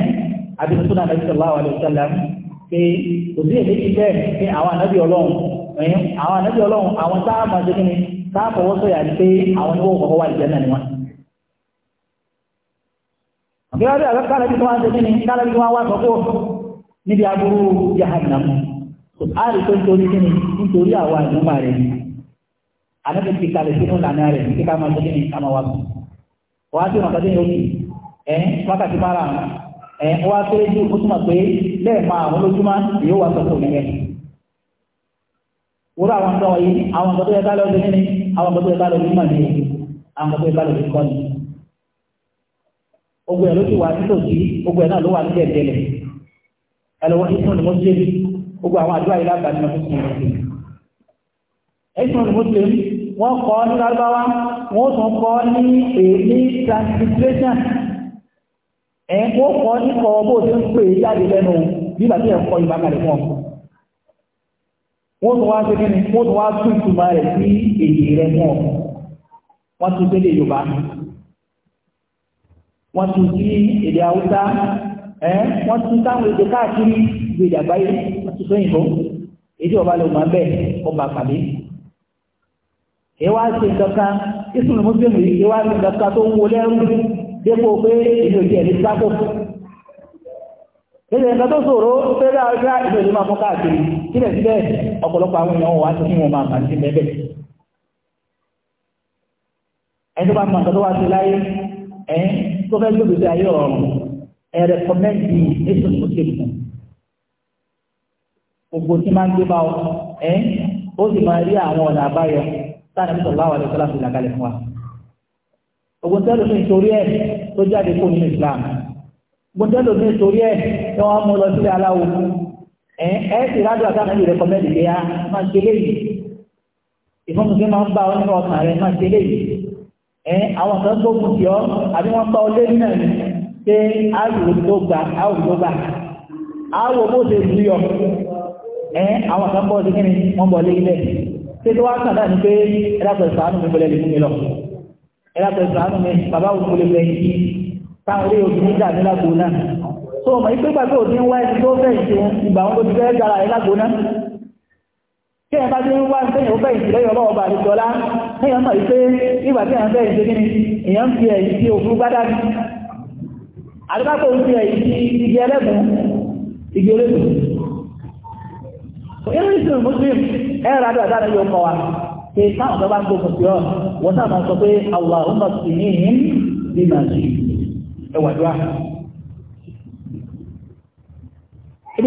àbíkú náà nàbí sallallahu alaihi wasallam pé kò sí èdè ti bẹ́ẹ̀ pé àwọn ànábì ọlọ́run ẹ̀yìn àwọn ànábì ọlọ́run àwọn tá a máa ṣe kíni tá a fọwọ́ sọ̀yà ni pé àwọn ní wọ́n kọ́kọ́ wà lìjẹ́ náà ni wọ́n. àbíwájú àbẹ́kálábí tó wá ń ṣe kíni ànábi ti kalẹ̀ sínú ìlànà rẹ̀ ní kíkà máa sókè ní àmà wa sùn wọ́n á sì ràn kọ́tẹ́ yókì ẹ̀ wákàtí mara ẹ̀ wọ́n á kéré o ó túmọ̀ pé lẹ́ẹ̀ma àwọn olójúmọ́ yóò wá sọ́kò nìyẹn wúrọ̀ àwọn nǹkan wọ̀nyí àwọn nǹkan tó yẹ ká lọ sí nínú àwọn nǹkan tó yẹ ká lọ sí mọ̀ ní àwọn nǹkan tó yẹ ká lọ sí kọ́ ni ogun ẹ̀ ló ti wà nítòsí ogun ẹ̀ náà ló wà ní tẹ̀tẹ̀lẹ̀ ẹ̀ lọ́wọ́ ìfún ni mo ṣe gbogbo àwọn àdúrà yìí lágbàá ni mo fi sùn lọ́sìn ẹ̀sùn muslim wọ́n kọ́ ní lárúbáwá wọ́n tún kọ́ ní èyí transliteration ẹ̀ wọ́n kọ́ ní kọ́ bó ti ń pè jáde lẹ́nu nígbà tí ẹ̀ kọ́ ìbákalẹ̀ fún ọ wọ́n tún wá sókè ní wọ́n tún wá tún ìtumọ̀ rẹ̀ sí èyí rẹ̀ fún ọ wọ́n tún sí yorùbá wọ́n tún sí èdè haúsá ẹ̀ wọ́n tún táwọn èdè káàkiri ìgbèdàgbáyé wọ́n tún sóyìnbó èdè ọba lè mọ̀ bẹ́ẹ̀ ọba àkàlẹ́ ìwá ṣe kankan ìsúnlẹ̀ mọ́sílẹ̀mù yìí ìwá ṣe kankan tó ń wo lẹ́rù dépò pé ìlú ìjẹ́ ní sápò ilẹ̀ ìgbà tó ṣòro fẹ́rẹ́ àríwá ìlú ìlú máa fún káàkiri sílẹ̀ sílẹ̀ ọ̀pọ̀lọpọ̀ àwọn èèyàn wà tí wọ́n máa bà sí bẹ́ẹ̀ ẹni tó bá mọ̀ tó wá sí láyé ẹ̀ táwọn ẹbí sọ̀rọ̀ àwọn ẹ̀sọ́lá fi làkàlẹ̀ fún wa ogun tẹ́lò ní ìtorí ẹ̀ tó jáde kó nínú Islam ogun tẹ́lò ní ìtorí ẹ̀ tí wọ́n mú lọ sílẹ̀ aláwo ẹ̀ ẹ́ sì rájọ àtàwọn ẹbí rẹ̀ kọ́mẹ́ntì pé a máa ṣe léyìí ìfọ́nùsí máa ń bá ọ nínú ọkàn rẹ̀ máa ṣe léyìí ẹ̀ àwọn kan tó mú tiọ́ àbí wọ́n bá ọ lé nínú ẹ̀ pé áwùrò tó gbà áwùrò tó gbà áwùrò bó ṣe ṣé tí wàá kàdá ni pé ẹ̀dàpẹ̀ sàánù mi bọ̀lẹ̀ lè mú mi lọ ẹ̀dàpẹ̀ sàánù mi bàbá òun bọ̀lẹ̀ lè yí táwọn ilé òbí dà mí lágbo náà tó mọ̀ yí pé gbàgbé òbí ń wá ẹni tó fẹ́ ìṣe ìgbà wọn ló ti fẹ́ gara ẹ lágbo náà kí ẹ bá ti ń wá sẹ́yìn ó fẹ́ ìṣe lẹ́yìn ọlọ́wọ́ bá ẹ̀yàn mọ̀ yí pé tí ẹ̀yàn fẹ́ ìṣe kí ni èèyàn ń fi ẹ̀yìn sí òfurú gbádà ní àdúgbàpọ̀ in ìsìn muslim ẹ̀rọ àdáadáa rẹ̀ yóò kọ́ ke kí táwọn tó bá ń gbógun sí ọ wọ́n náà máa Allahumma sì ní ìhín bí màá sí ẹwà dúrà.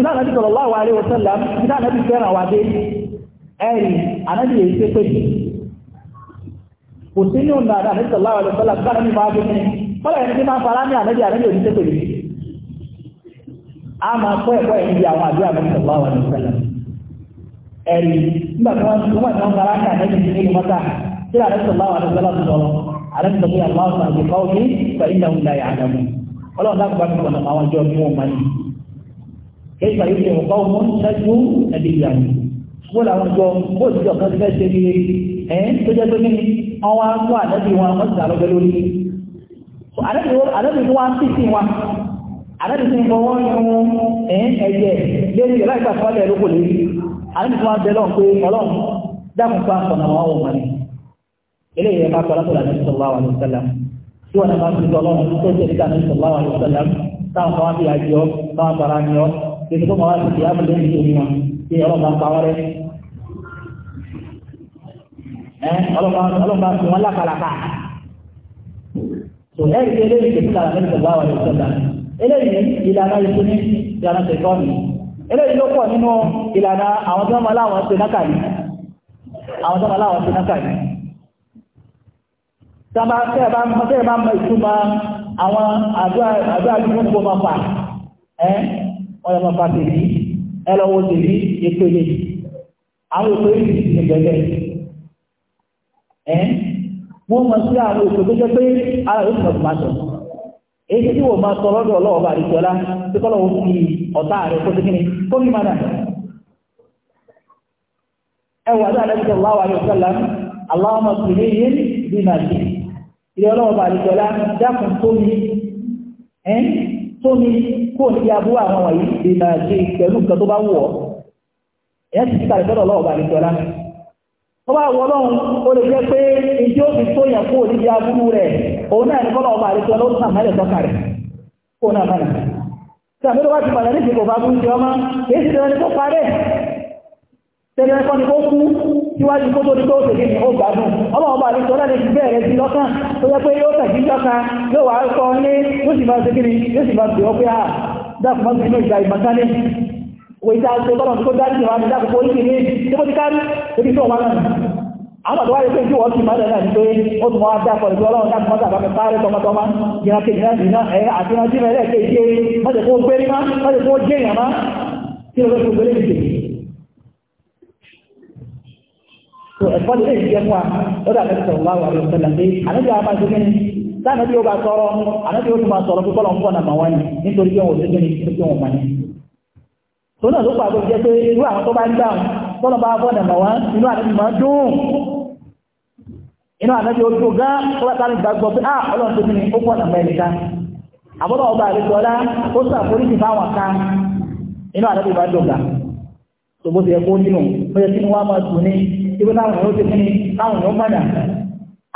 na sallallahu alaihi wasallam ibi náà nàbí fẹ́ràn wa dé ẹ̀rì ànábì èyí ṣe pé kò sí ní ọ̀nà ànábì sallallahu alaihi wasallam bá nàbí máa gbé ẹ̀rí nígbà tí wọ́n ti wọ́n ti wọ́n fara ká lẹ́yìn tí nínú mọ́ta tí a lẹ́sọ̀ láwọn àdúgbò sọ̀rọ̀ àdúgbò bí àwọn àwọn àgbẹ̀kọ́ òní fẹ́ iná ń la yàgàmù ọlọ́run náà gbàgbé wọn náà àwọn ọjọ́ fún ọmọ yìí kéyìí fà yóò ṣe wọn kọ́ wọn ṣẹ́jú ẹbí ìyàwó wọ́n làwọn jọ bó ti jọ kan ti fẹ́ ṣe bí ẹ tó jẹ́ pé ní ọwọ́ àwọn àdẹ́bí wọn wọ́n ti sàrọ̀ bẹ́ lórí àdẹ́bí wọn ti sìn wọn àdẹ́bí ti ń bọ́ wọn ń ẹ̀yẹ lórí ìyàrá ìgbà fọ́lẹ̀ lóko lórí àrẹ́mì tó wá bẹ lọ́n pé ọlọ́run dákùn fún àkọ́nà wọn wò mọ́ni eléyìí ẹ̀ka kọ́ látọ̀dà ní sọ̀lá wa ní sọ̀lá tí wọ́n náà fi ọlọ́run tó tẹ̀lé ká ní sọ̀lá wa ní sọ̀lá táwọn kan wá fi àjọ táwọn fara ni ọ kí ni tó máa wá sí ti ábùdé ní ìlú wọn kí ọlọ́run bá pa wọ́n rẹ́ ọlọ́run bá fi wọn lákàlàkà eléyìí ló pọ̀ nínú ìlànà àwọn tí wọ́n máa láwọn ṣe nákàlí àwọn tí wọ́n máa láwọn ṣe nákàlí sábà tẹ́ ẹ̀ bá ń tẹ́ ẹ̀ bá ń mọ ìtumọ̀ àwọn àdúrà ìgbìmọ̀ tó máa fà ẹ́ wọ́n lọ máa fà tèmi ẹ lọ́wọ́ tèmi ìpele àwọn ìpele ìsìn gbẹ̀gbẹ̀ ẹ́ wọ́n mọ̀ sí àwọn ìpele tó jẹ́ pé ara yóò tọ̀ èyí tí wọ́n máa tọrọ lọ́dọ̀ ọlọ́ọ̀bà àdìsọ́lá tí kọ́lọ̀ ó fi ọ̀tá rẹ̀ kó sí kíni kó ní mọ́nà ẹwà dáa òun náà ní kọ́lọ̀ ọba àríkẹ́ ló sàn mẹ́lẹ̀ tọ́ka rẹ̀ kó náà mẹ́lẹ̀ tí àmì lọ́wọ́ ti bàlẹ̀ níṣẹ́ kò bá gún jẹ́ ọmọ èyí ti rẹ̀ kó parẹ́ tẹ́lẹ̀ ẹ̀kọ́ ni kó kú síwájú kó tó ní tó ṣe ní ó gbádùn ọmọ ọba àríkẹ́ ọlá lè fi bẹ́ẹ̀ sí lọ́kàn tó yẹ pé yóò tẹ̀sí jọ́ka yóò wá kọ́ ní yóò sì máa ṣe kiri yóò sì máa bẹ̀ ọ́ pé à ah, dákùn mọ́ sí inú ìjà ìmọ̀sánlé wòye tá a ṣe bọ́lọ̀ tó dájú ìwà mi dákùn kó ní kiri tí mo ti kárí ebi tó wà lọ́nà àwọn àdọ́wà yóò tí wọ́n ti máa lẹ́nà pé ó tún wọ́n dápọ̀ ìgbé ọlọ́run láti mọ́ta àbámi sáré tọmọtọmọ ìyá kejì náà ìná ẹ̀ àti ìrántí mẹ́rẹ̀ kéèké mọ́tẹ̀ kó gbé nímá mọ́tẹ̀ kó jẹ́ ìyàmá tí ó inú ànábi ojú gán tọ́látàrí gbàgbọ́ pé á ah, ọlọ́run tó ní ó pọ̀ nà mẹ́rin ká àbọ̀dọ̀ ọba àríkọ́lá ó sàforíjì fáwọn kan inú ànábi bá dùn tó bó ti yẹ kó nínú kí ni wọ́n máa dùn ní ibi táwọn èèyàn ó ti kíni táwọn èèyàn mọ̀nà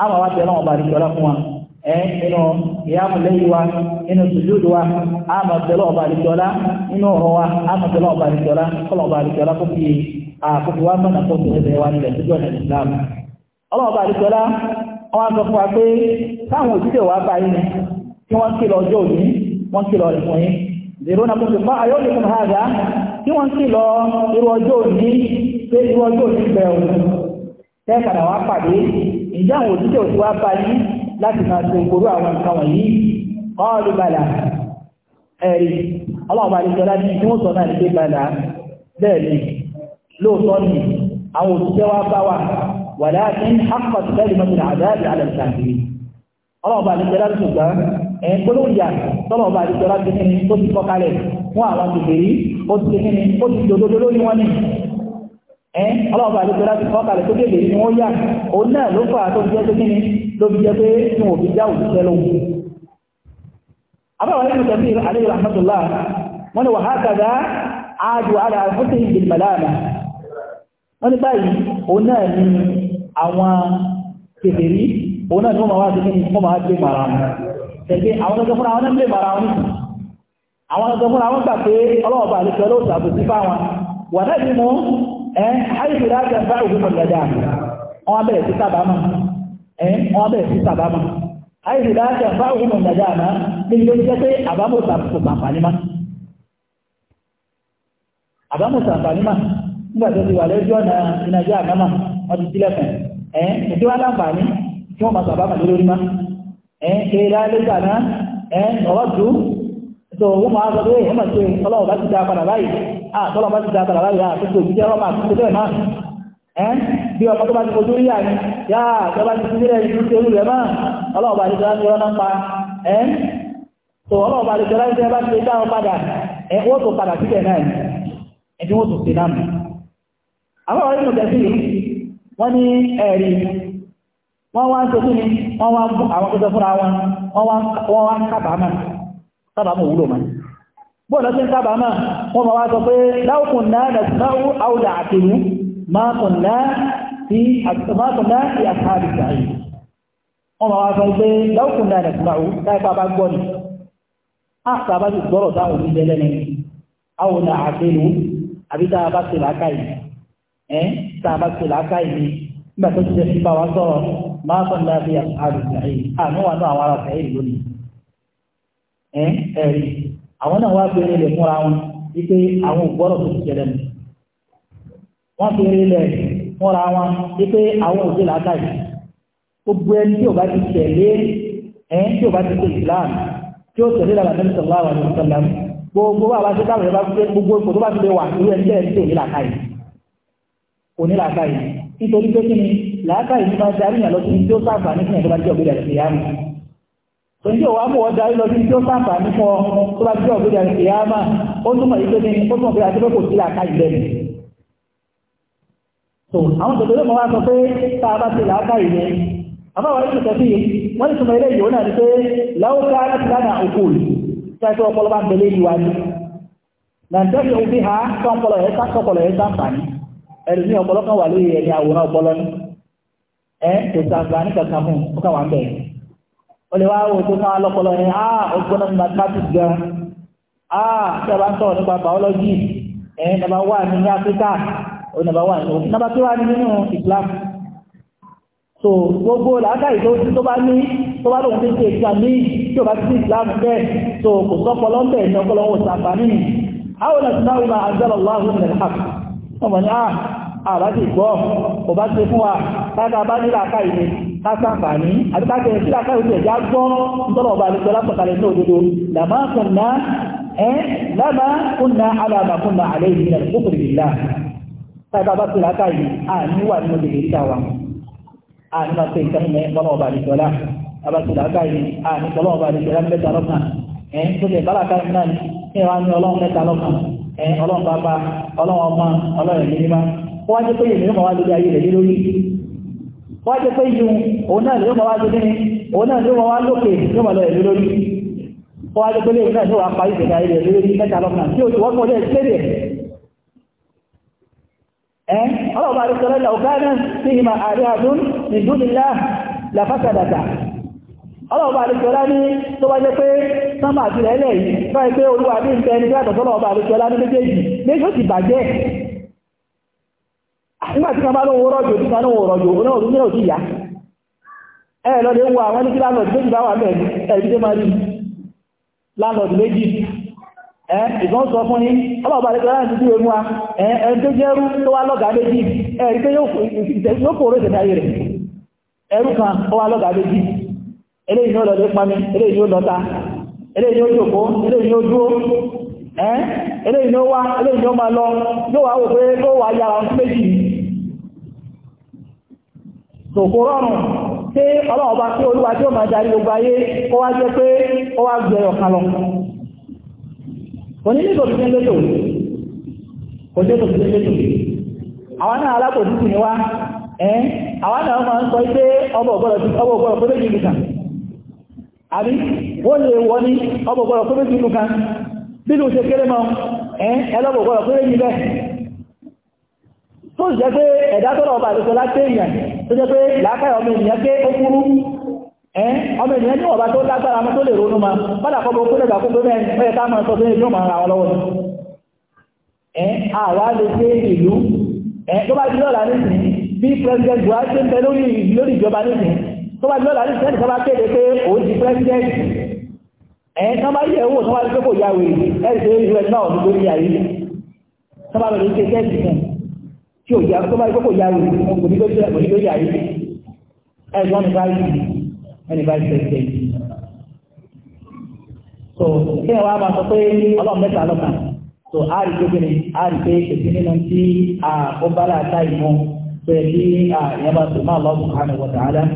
àwọn àwọn ọba àríkọ́lá fún wa wa wa wa ọba àríkọ́lá ọlọ́ọ̀bá àdìsọ́lá wọ́n sọ fún wa pé táwọn òjíṣẹ́ wà bá yìí kí wọ́n kí lọ ọjọ́ òní wọ́n kí lọ ìfún yìí zèrò na kó fipá ayọ́lẹ̀ fún ààrẹ kí wọ́n kí lọ irú ọjọ́ òní pé irú ọjọ́ òní bẹ̀ òun tẹ́ẹ̀kàdà wá pàdé ìjẹ́ àwọn òjíṣẹ́ òsì wá bá yìí láti máa ṣe ìgboro àwọn nǹkan wọ̀nyí kọ́ọ̀lù bàlà ẹ̀rí ọlọ́ọ̀bá àdìsọ́lá ní tí wọ́n sọ náà ní pé bàlà bẹ́ẹ̀ ni ولكن حقت كلمة العذاب على الكافرين ọlọ́ọ̀bá àdìjọ́lá ti gbà ẹ̀yìn gbólóòjà tọ́lọ̀ọ̀bá àdìjọ́lá ti kíni ó ti kọkalẹ̀ fún àwọn kèfèrí ó ti kíni ó ti dòdòdó lórí wọn ni ẹ̀ ọlọ́ọ̀bá àdìjọ́lá ti kọkalẹ̀ tó kéde ni wọ́n yà òun náà ló fà tó jẹ́ pé kíni ló fi jẹ́ pé tí wọn ò fi já òṣìṣẹ́ lóhùn. abáwọn ẹni tẹ̀sí alẹ́ rahmatullah wọn ni wàhákàdá áàdù alẹ́ àfúnṣe ìgbìmọ̀lá àwọn kèfèrí òun náà ni wọ́n wá sí kí wọ́n gbé mara wọn tẹ̀lé àwọn ọjọ́ fúnra wọn náà gbé mara wọn àwọn ọjọ́ fúnra wọn gbà pé ọlọ́ọ̀bà àti sí fá wọn wà mú ẹ àìsí láti òfin sí sábàámà ẹ wọn sí sábàámà àìsí láti òfin àná pé nígbà tó ti wà lẹ́jọ́ wọ́n ti sílẹ̀ fún ẹ̀ ẹ̀ tí wọ́n láǹfààní tí wọ́n máa sàbá màlẹ́ lórí má ẹ̀ kéèlà lẹ́gbà náà ẹ̀ ọ̀rọ̀ dùn tó wọ́n máa sọ pé ẹ̀ máa ṣe ọlọ́wọ́ bá ti da padà báyìí à tọ́lọ́ bá ti da padà báyìí à tó tó ìdíjẹ́ ọlọ́mà tó bẹ́ẹ̀ náà ẹ̀ bí ọkọ̀ tó bá ti fojú rí àní yá tó bá ti sílẹ̀ ní ti olú rẹ̀ máa ọlọ́wọ́ bá ti da ní ọlọ́nà pa ẹ̀ tó ọlọ́wọ́ bá ti wọ́n ní ẹ̀rí wọ́n wá ń tó kíni wọ́n wá àwọn tó fúnra wọn wọ́n wá kábàámà kábàámà òwúlò mọ́ bọ́ọ̀lọ́ sí kábàámà wọ́n máa wá sọ pé láwùkùn náà nà sínáwó àwùdà àtìrú mákùn náà sí àtàrí sàárì wọ́n máa wá sọ pé láwùkùn náà nà sínáwó táìpá bá gbọ́ ni á sábà sì gbọ́rọ̀ sáwọn oníjẹ lẹ́nu àwùdà àtìrú àbí tá a bá ti làákàyè tá a bá tó làákà yìí nígbà tó ti jẹ́ sí bá wa sọ̀rọ̀ máa sọ ní abẹ́ àrùsàáyì àmọ́ wà náà àwọn arásàáyì lónìí ẹ̀ ẹ̀rí àwọn náà wá bèrè ilẹ̀ fúnra wọn wípé àwọn ògbọ́rọ̀ tó ti jẹlẹ̀ mu wọ́n bèrè ilẹ̀ fúnra wọn wípé àwọn òjò làákà yìí gbogbo ẹni tí ò bá ti tẹ̀lé ẹ̀ tí ò bá ti tẹ̀lé Islam tí ó tẹ̀lé làwọn ẹni sọ̀rọ̀ àwọn ẹni sọ̀rọ̀ gbogbo bá a bá ti dáwọ̀ ẹ̀ gbogbo ipò bá ti lè wà irú ẹni tẹ̀lé làákà yìí onílàákàyè nítorí pé kí ni làákàyè ní bá darí yàn lọ sí tí ó sáfà ní fún ìjọba jẹ́ ògbé dàrí ìyáàmù tó ń jẹ́ òwá mọ̀ wọ́n darí lọ sí tí ó sáfà ní fún ọ tó bá jẹ́ ògbé ó túmọ̀ yìí pé kí ni ó túmọ̀ pé àti pé kò sí làákàyè lẹ́nu so àwọn tòtòrò mọ̀ wá sọ pé tá a bá ti làákàyè ni àbáwọ̀ ẹ̀sùn tẹ̀sí wọ́n ti túmọ̀ ilé ìyó náà ni pé láwùká láti lánà òkú tẹ́tí ọpọlọ bá ń bẹ̀lẹ́ ìwà ẹ̀rù ní ọpọlọ kan wà lórí ẹ̀yà àwòrán ọpọlọ ní ẹ kò sàǹfà ní kankan fún ó kà wà ń bẹ̀ ó lè wá wò tó náà lọ́pọlọ ní a ó gbọ́dọ̀ ní mathematics gan a tí a bá ń sọ̀rọ̀ nípa biology ẹ̀ nàbà wà ní ní Áfíríkà ó nàbà wà ní nàbà tí wà ní nínú Islam so gbogbo làákàyè tó bá ní tó bá lóun ti ṣe tí o bá ti Islam bẹ́ẹ̀ so kò sọ́pọlọ ń bẹ̀ ní ọpọlọ wọn sàǹfà nínú àwọn ọ̀nà tí náà ọmọ ní àbájì ah, gbọ́ ọba ti fún wa káàkà bá nílà ká ìní kásàǹfà ní àbíkájẹ̀ sílà ká ìlú ẹ̀já gbọ́ nítorí ọba àlejò alápọ̀kalẹ̀ ní òdodo làmá kùnà ẹ́ làmá kùnà alàmà kùnà àlẹ́ ìlú nà lókùnrin ìlà káàkà bá sílà ká ìní àníwà nínú òdodo ìta wa àníwà sí ìtẹ́mẹ́ bọ́lá ọba àlejò ọlá àbá sílà ká ìní àní bọ́lá ọba ẹ ọlọ́run bàbá ọlọ́run ọmọ ọlọ́run ẹ̀mí mímá wọ́n á jẹ́ pé ìlú máa wá lórí ayé rẹ̀ lórí wọ́n á jẹ́ pé ìlú òun náà ló máa wá lórí ní òun náà ló máa wá lókè ló máa lọ ẹ̀mí lórí wọ́n á jẹ́ pé ìlú náà ló wá parí ìṣẹ̀dá ayé rẹ̀ lórí mẹ́ta lọ́kàn tí oṣù wọ́n kọ́lé ẹ̀ṣẹ́rẹ̀ ẹ ọlọ́run bá rí sọ ọlọ́ọ̀bá àríkọlá ní tó bá jẹ́ pé sánmà àti ilẹ̀ yìí bá ẹ pé olúwa bí nǹkan ẹni gbàtọ̀ sọ́lọ́ọ̀bá àríkọlá ní méjèèjì méjì ó ti bàjẹ́ nígbàtí kan bá lóhun rọ́jò tí kan lóhun rọ́jò oníwọ̀n tó mìíràn ò ti yá ẹ lọ́dẹ̀ kan lọ́gàá méjì eléyìí ó lọ lé pami eléyìí ni ó lọ́ta eléyìí ni ó jòkó eléyìí ó dúró ẹ́n eléyìí ó wá eléyìí ó máa lọ yóò wá wò pé ó wà yára ọdún méjì tòkó rọrùn pé ọlọ́run bá pé olúwa tí ó máa darí gbogbo ayé kó wá jẹ́ pé ó wá gbé ọ̀kan lọ òní àwọn náà alákòótútù ni wá ẹ́n àwọn náà máa ń sọ pé ọbọ̀ tó méjì nìkan àbí wọ́n lè wọ́n ní ọgbọ̀gbọ̀rọ̀ tó méjì inú kan bí ló ṣe kéré mọ́ ẹn ẹlọ́gbọ̀gbọ̀rọ̀ tó méjì bẹ́ tó jẹ́ pé ẹ̀dá tọ́rọ ọba àdúgbò láti èèyàn tó jẹ́ pé làákàyà ọmọ ènìyàn pé ó kúrú ẹn ọmọ ènìyàn ní ọba tó lágbára mọ́ tó lè ronú ma padà kọ́ gbogbo lẹ́gbà kó gbẹ́mẹ́ ẹ̀yẹ ká máa sọ pé yóò máa ra ọlọ́wọ́ ni ẹn àwa lè ṣe ìlú tó bá sẹ́ni tó kéde pé òun di president ẹ̀ tó yẹ owó tó kò ya wèrè ẹ̀rì tó yẹ us náà ní ayé tó bá lọ́la ní sẹ́ni kan tí ò ya tó kò ya wèrè kò ní lórí kò ní lórí ayé tó ní báyìí ẹni báyìí president so kí ẹ wá máa sọ so a rí pé kíni a rí pé èsì nínú tí ó bá láta ìmọ̀ pé kí ìyẹn bá sọ máa lọ́sùn àmì wọ̀tà ádámù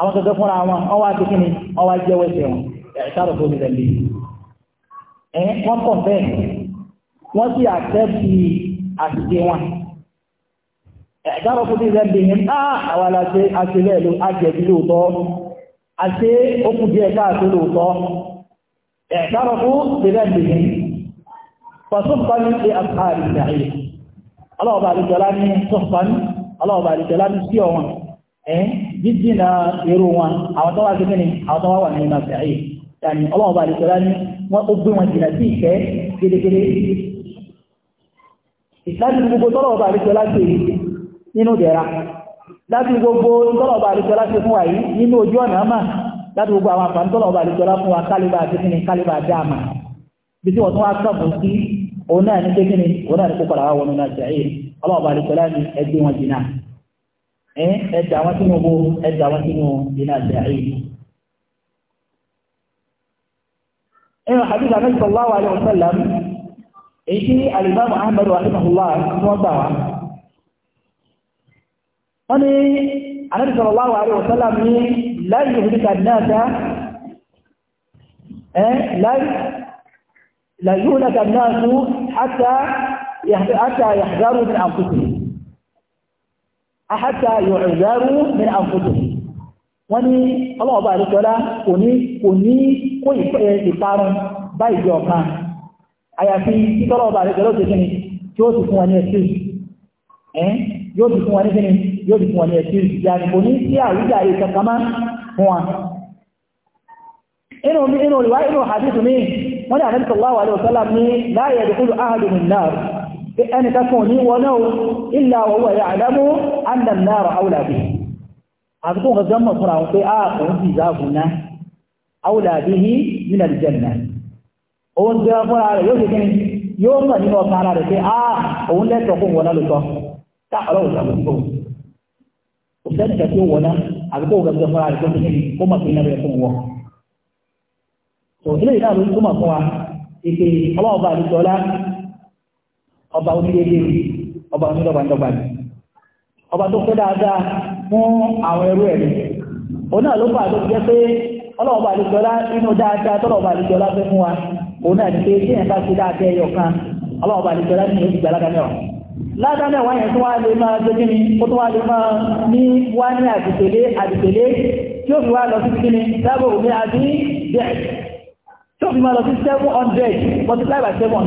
àwọn tó dọ́kùnra wọn wọ́n wá tókí ni wọ́n wá jẹ́ wẹ́sẹ̀ wọn ẹ̀ṣàrò tó ti tẹ̀lé ẹ̀ wọ́n pọ̀ bẹ́ẹ̀ wọ́n sì àtẹ́bí àṣìṣe wọn ẹ̀ṣàrò tó ti tẹ̀lé ní àwọn aláṣẹ aṣẹlẹ̀ ló ajẹ̀bí lóòótọ́ àṣẹ okùn díẹ̀ káàtó lóòótọ́ ẹ̀ṣàrò tó ti tẹ̀lé ní fọ́sọ́fọ́ni ṣe àṣàrì ìdáyé ọlọ́ọ̀bà àdìjọlá ní sọ́fọ́ni ọlọ́ọ̀bà àdìjọlá ní sí ọ̀wọ́n ẹ̀ na irú wọn àwọn tó wá sí kíni àwọn tó wá wà nínú ọ̀sẹ̀ ayé yàní ọlọ́run bá àdìsọ́ lá ní wọ́n ó gbé wọn jìnà sí ìfẹ́ láti gbogbo tọ́lọ̀ bá àdìsọ́ láti nínú ìdẹ̀ra láti gbogbo tọ́lọ̀ bá láti wa yìí nínú ojú ọ̀nà láti gbogbo àwọn àǹfààní tọ́lọ̀ bá láti wa kálíbà àti kíni kálíbà bí tí wọ́n tún wá sọ̀bù sí òun náà ní kékeré òun náà ẹ̀ẹ́dà wọn sínú owó ẹ̀ẹ́dà wọn sínú iná àdáyé. ẹ̀rọ hadith anabi sallallahu alayhi wa sallam èyí tí alimami ahmed rahimahullah tí wọ́n gbà wá. wọ́n ní anabi sallallahu alayhi wa sallam ní láì yóò fi kàdínà ta ẹ̀ láì yóò fi kàdínà ta hàtà yàtà yàtà rúbin àhátà yọ̀ọ̀dárú ní àǹfòtò wọ́n ní ọlọ́ọ̀bá àríkọ́lá kò ní kò ní kó eh, ìparun bá ìjọ ọ̀kan àyàfi títọ́lọ́ọ̀bá àríkọ́lá ti kíni tí ó ti fún wọn ní ẹ̀sìn ẹ̀ yóò ti fún wọn ní kíni yóò ti fún wọn ní ẹ̀sìn ìyàní kò ní sí àwíjàre kankan má fún wa. inú inú ìwà inú hadith mi wọ́n ní àdéhùn sallallahu alaihi wasallam ní la yadkhulu ahadun min ẹni kankan ní wọná o ilẹ̀ àwọ̀wọ̀ ẹ̀yà àdámú annàlára àwùlàbí àfikún ọ̀gá zama fún àwọn pé ààkùn sí ìzáàkùnná àwùlàbí ní nínà ìjẹ̀nà òun jẹ́ fúnra rẹ̀ yóò ṣe yóò mọ̀ nínú ọkàn ara rẹ̀ pé a ah, òun lẹ́tọ̀ọ́ kó wọná lótọ́ ká ọlọ́run fún wa ìpè ọlọ́run bá àdúgbò ọba onídéédé ni ọba onídọ́gbàdọ́gba ni ọba tó fẹ́ dáadáa fún àwọn ẹrú ẹ̀ ni òun náà ló fà tó jẹ́ pé ọlọ́ọ̀bà àdìjọlá nínú dáadáa tọ́lọ̀ọ̀bà àdìjọlá fẹ́ fún wa òun náà ni pé tí ẹ̀ bá ti dáadáa ẹyọ kan ọlọ́ọ̀bà àdìjọlá ní oṣù gbàlágà mẹ́wàá ládàáná wáyé tó wá lè máa jẹ́ kíni ó tó wá lè máa ní wá ní àdìtẹ̀lé àdìtẹ̀lé tí ó fi wá lọ sí kíni lábò òmìnira bí bẹ́ẹ̀ tí fi máa lọ sí seven multiply by seven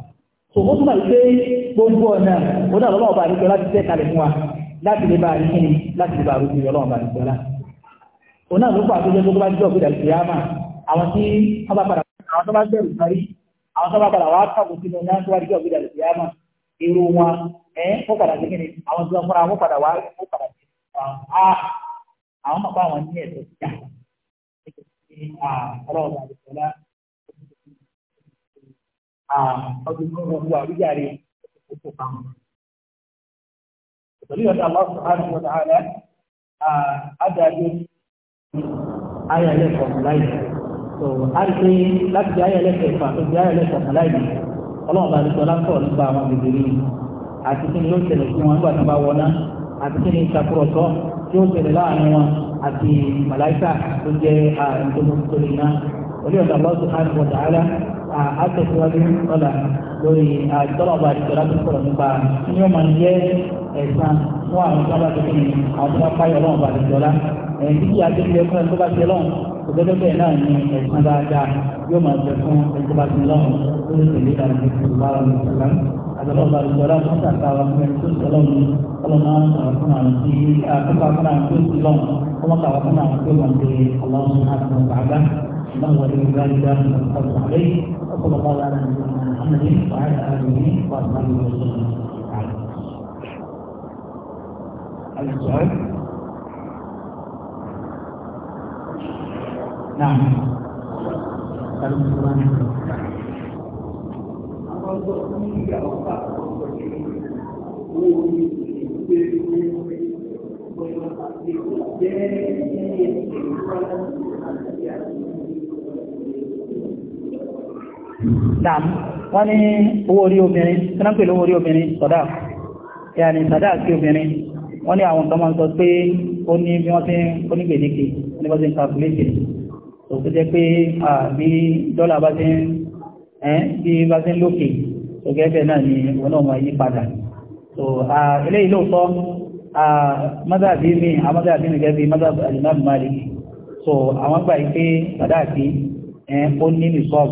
tòun túnmọ̀ pé gbogbo ọ̀nà òun náà lọ́wọ́ láti tẹ́ kalẹ̀ fún wa láti lè bá a nìkíni láti lè bá a rúbi ọlọ́wọ́ bá nípa lá. òun náà ló fà tó jẹ́ gbogbo bá jọ òkúta ìṣẹ́ àmà àwọn tí wọ́n bá padà àwọn tó bá bẹ̀rù sáré àwọn tó bá padà wá kàwé sínú náà tó wá jọ òkúta ìṣẹ́ àmà èrò wọn ẹ̀ ó padà sí kíni àwọn tó ọdún tó ń wọ àwíjàre òkú kan. Ìtọ́lú yọ̀dá Allah subhanahu wa ta'ala adájọ́ ayẹlẹ́kọ̀ọ́ láì. So a rí pé láti di ayẹlẹ́kọ̀ọ́ ìfà tó di ayẹlẹ́kọ̀ọ́ láì ní ọlọ́run bá ti sọ lásọ̀ nípa àwọn bèbèrè àti kí ni yóò tẹ̀lé sí wọn nígbà tí wọ́n bá wọná àti kí ni ìṣàkúrọ̀sọ yóò tẹ̀lé láàrin wọn àti màláìsà tó jẹ́ àrùn tó lè ná. Ìtọ́lú yọ̀dá Allah subhanahu wa ta'ala àtẹ̀síwájú ọ̀la lórí àjọlọ́ba ìjọba tó sọ̀rọ̀ nípa ní ọmọ ìyẹ́ ẹ̀sán fún àwọn tó bá ti kí ni àwọn tó bá páyọ̀ ọlọ́run bá ti jọlá ẹ̀yìn títí àti ilé fún ẹ̀ tó bá ti lọ́run kò gẹ́gẹ́ bẹ́ẹ̀ náà ni ẹ̀sán dáadáa yóò máa jẹ fún ẹ̀ tó bá ti lọ́run tó lè tẹ̀lé ìlànà ìjọba ọlọ́run àjọlọ́ba ìjọba tó sàkàwà fún ẹ̀ tó sọ̀rọ̀ ọlọ́run àwọn àti akọ́kọ́ àwọn tó ti lọ́run ọmọkàwà fún àwọn tó lọ́run الله ولي ذلك والقدر عليه وصلى الله على نبينا محمد وعلى اله واصحابه وسلم على السؤال نعم Thank you. dàm wọ́n ní owó orí obìnrin tí wọ́n pèlú owó orí obìnrin sọ̀dá yàní sọ̀dá àti obìnrin wọ́n ní àwọn tọ́mọ́ sọ pé ó ní bí wọ́n ti ń onígbèdéke ní bọ́ sí ń calculate tó tó jẹ́ pé bí dọ́là bá ti ń lókè tó gẹ́gẹ́ náà ni wọn náà máa yí padà so eléyìí lóòótọ́ mọ́dàbí mi àmọ́dàbí so àwọn gbà yí pé sọ̀dá àti ó